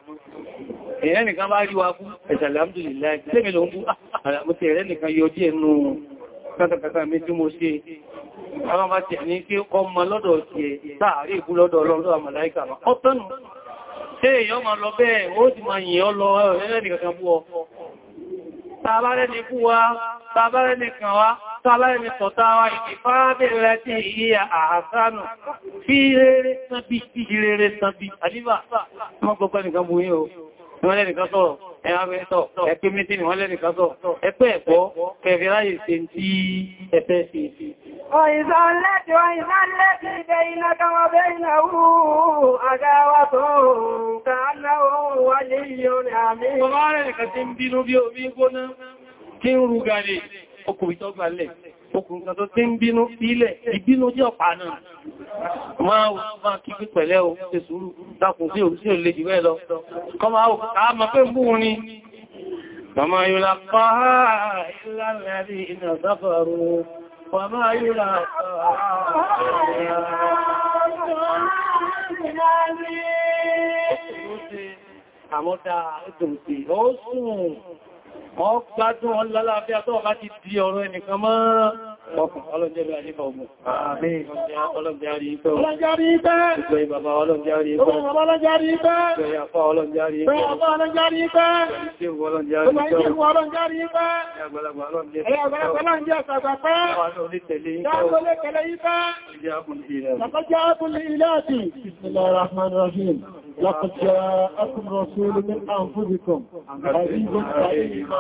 [SPEAKER 3] Èèyàn nìkan bá rí wa kú, alhamdulillah, lẹ́mi lòun kú, ah, mo ti ẹ̀rẹ́ nìkan yọ díẹ̀ nù kátàkátà mi tí mo ṣe. Àwọn bá ti ní kí kọ́ mọ lọ́dọ̀ ṣe láàárí ìkú lọ́dọ̀ ọlọ́dọ̀ àmàláìkà. Ọ̀tọ́nù, ṣé èèyàn máa lọ bẹ́ẹ̀, ó ti máa yìn ọ ẹ̀rẹ́ nìkan tàbárẹ́ nìkan wá tàbárẹ́ ní tọ̀tà wá
[SPEAKER 2] ìfàábẹ̀rẹ̀ tí
[SPEAKER 3] iye àhásánù fi rere sábí tí rere sábí àdíbà mọ́ gbogbo nìkan mú yíò wọ́n lẹ́nìkan sọ̀rọ̀ ẹ̀hámẹ́tọ̀ ẹ̀pẹ́ mítí ni wọ́n lẹ́nìkan sọ̀rọ̀ ẹ̀pẹ́ ẹ̀kọ́ kẹfẹ́ ráyè ṣe tí ẹ̀fẹ́ sí
[SPEAKER 2] Ọ̀ìzánlẹ́tì ọ̀ìzánlẹ́tì ibẹ̀ iná kọwọ́ bẹ́ iná hù àgáwà tó kàánà ohun wà ní ìyọ̀nà àmì.
[SPEAKER 3] Ọmọ rẹ̀ nìkan ti ń bínú bí omi gbóná tí ń rú gani okùnrin tó gbà lẹ̀ okùnrin tó tí ń bínú ilẹ̀ ìbínú jẹ́ ọ̀pá náà máa kí pí pẹ̀lẹ́ o ṣe sùúrù dákùn sí òrùsí ò lè jù bẹ́ẹ̀ àmọ́ta ètò ìsìn ó sùn wọ́n gbádùn wọn lálàáfíà tó bá ti di ọ̀rọ̀ ẹnìkan mọ́ ọkùn ọlọ́jẹ́bẹ̀ àríkà ọmọ ọlọ́jẹ́rí ìpẹ́ ọlọ́jẹ́rí ìpẹ́ ọlọ́jẹ́rí ìpẹ́ ọlọ́jẹ́rí ìpẹ́ ọlọ́jẹ́rí ìpẹ́ ọlọ́jẹ́rí ìpẹ́ ọlọ́jẹ́rí ìpẹ́ ọlọ́jẹ́rí
[SPEAKER 2] ìpẹ́ ọlọ́jẹ́rí
[SPEAKER 3] ìpẹ́ ọlọ́jẹ́rí ìpẹ́ لقد جاءكم رسول من أنفسكم عزيز عليه
[SPEAKER 1] ما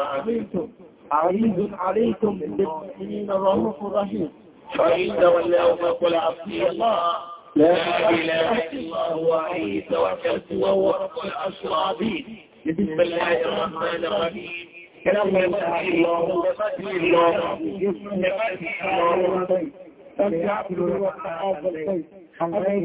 [SPEAKER 2] عزيز عليكم بالمؤمنين رؤوف الرحيم فإن تولوا
[SPEAKER 1] فقل عبدي الله لا إله إلا الله عيسى وكلت وهو رب الأشرابين بسم الله الرحمن الرحيم كلام الله الله الله الله الله الله الله الله الله ال
[SPEAKER 2] آمين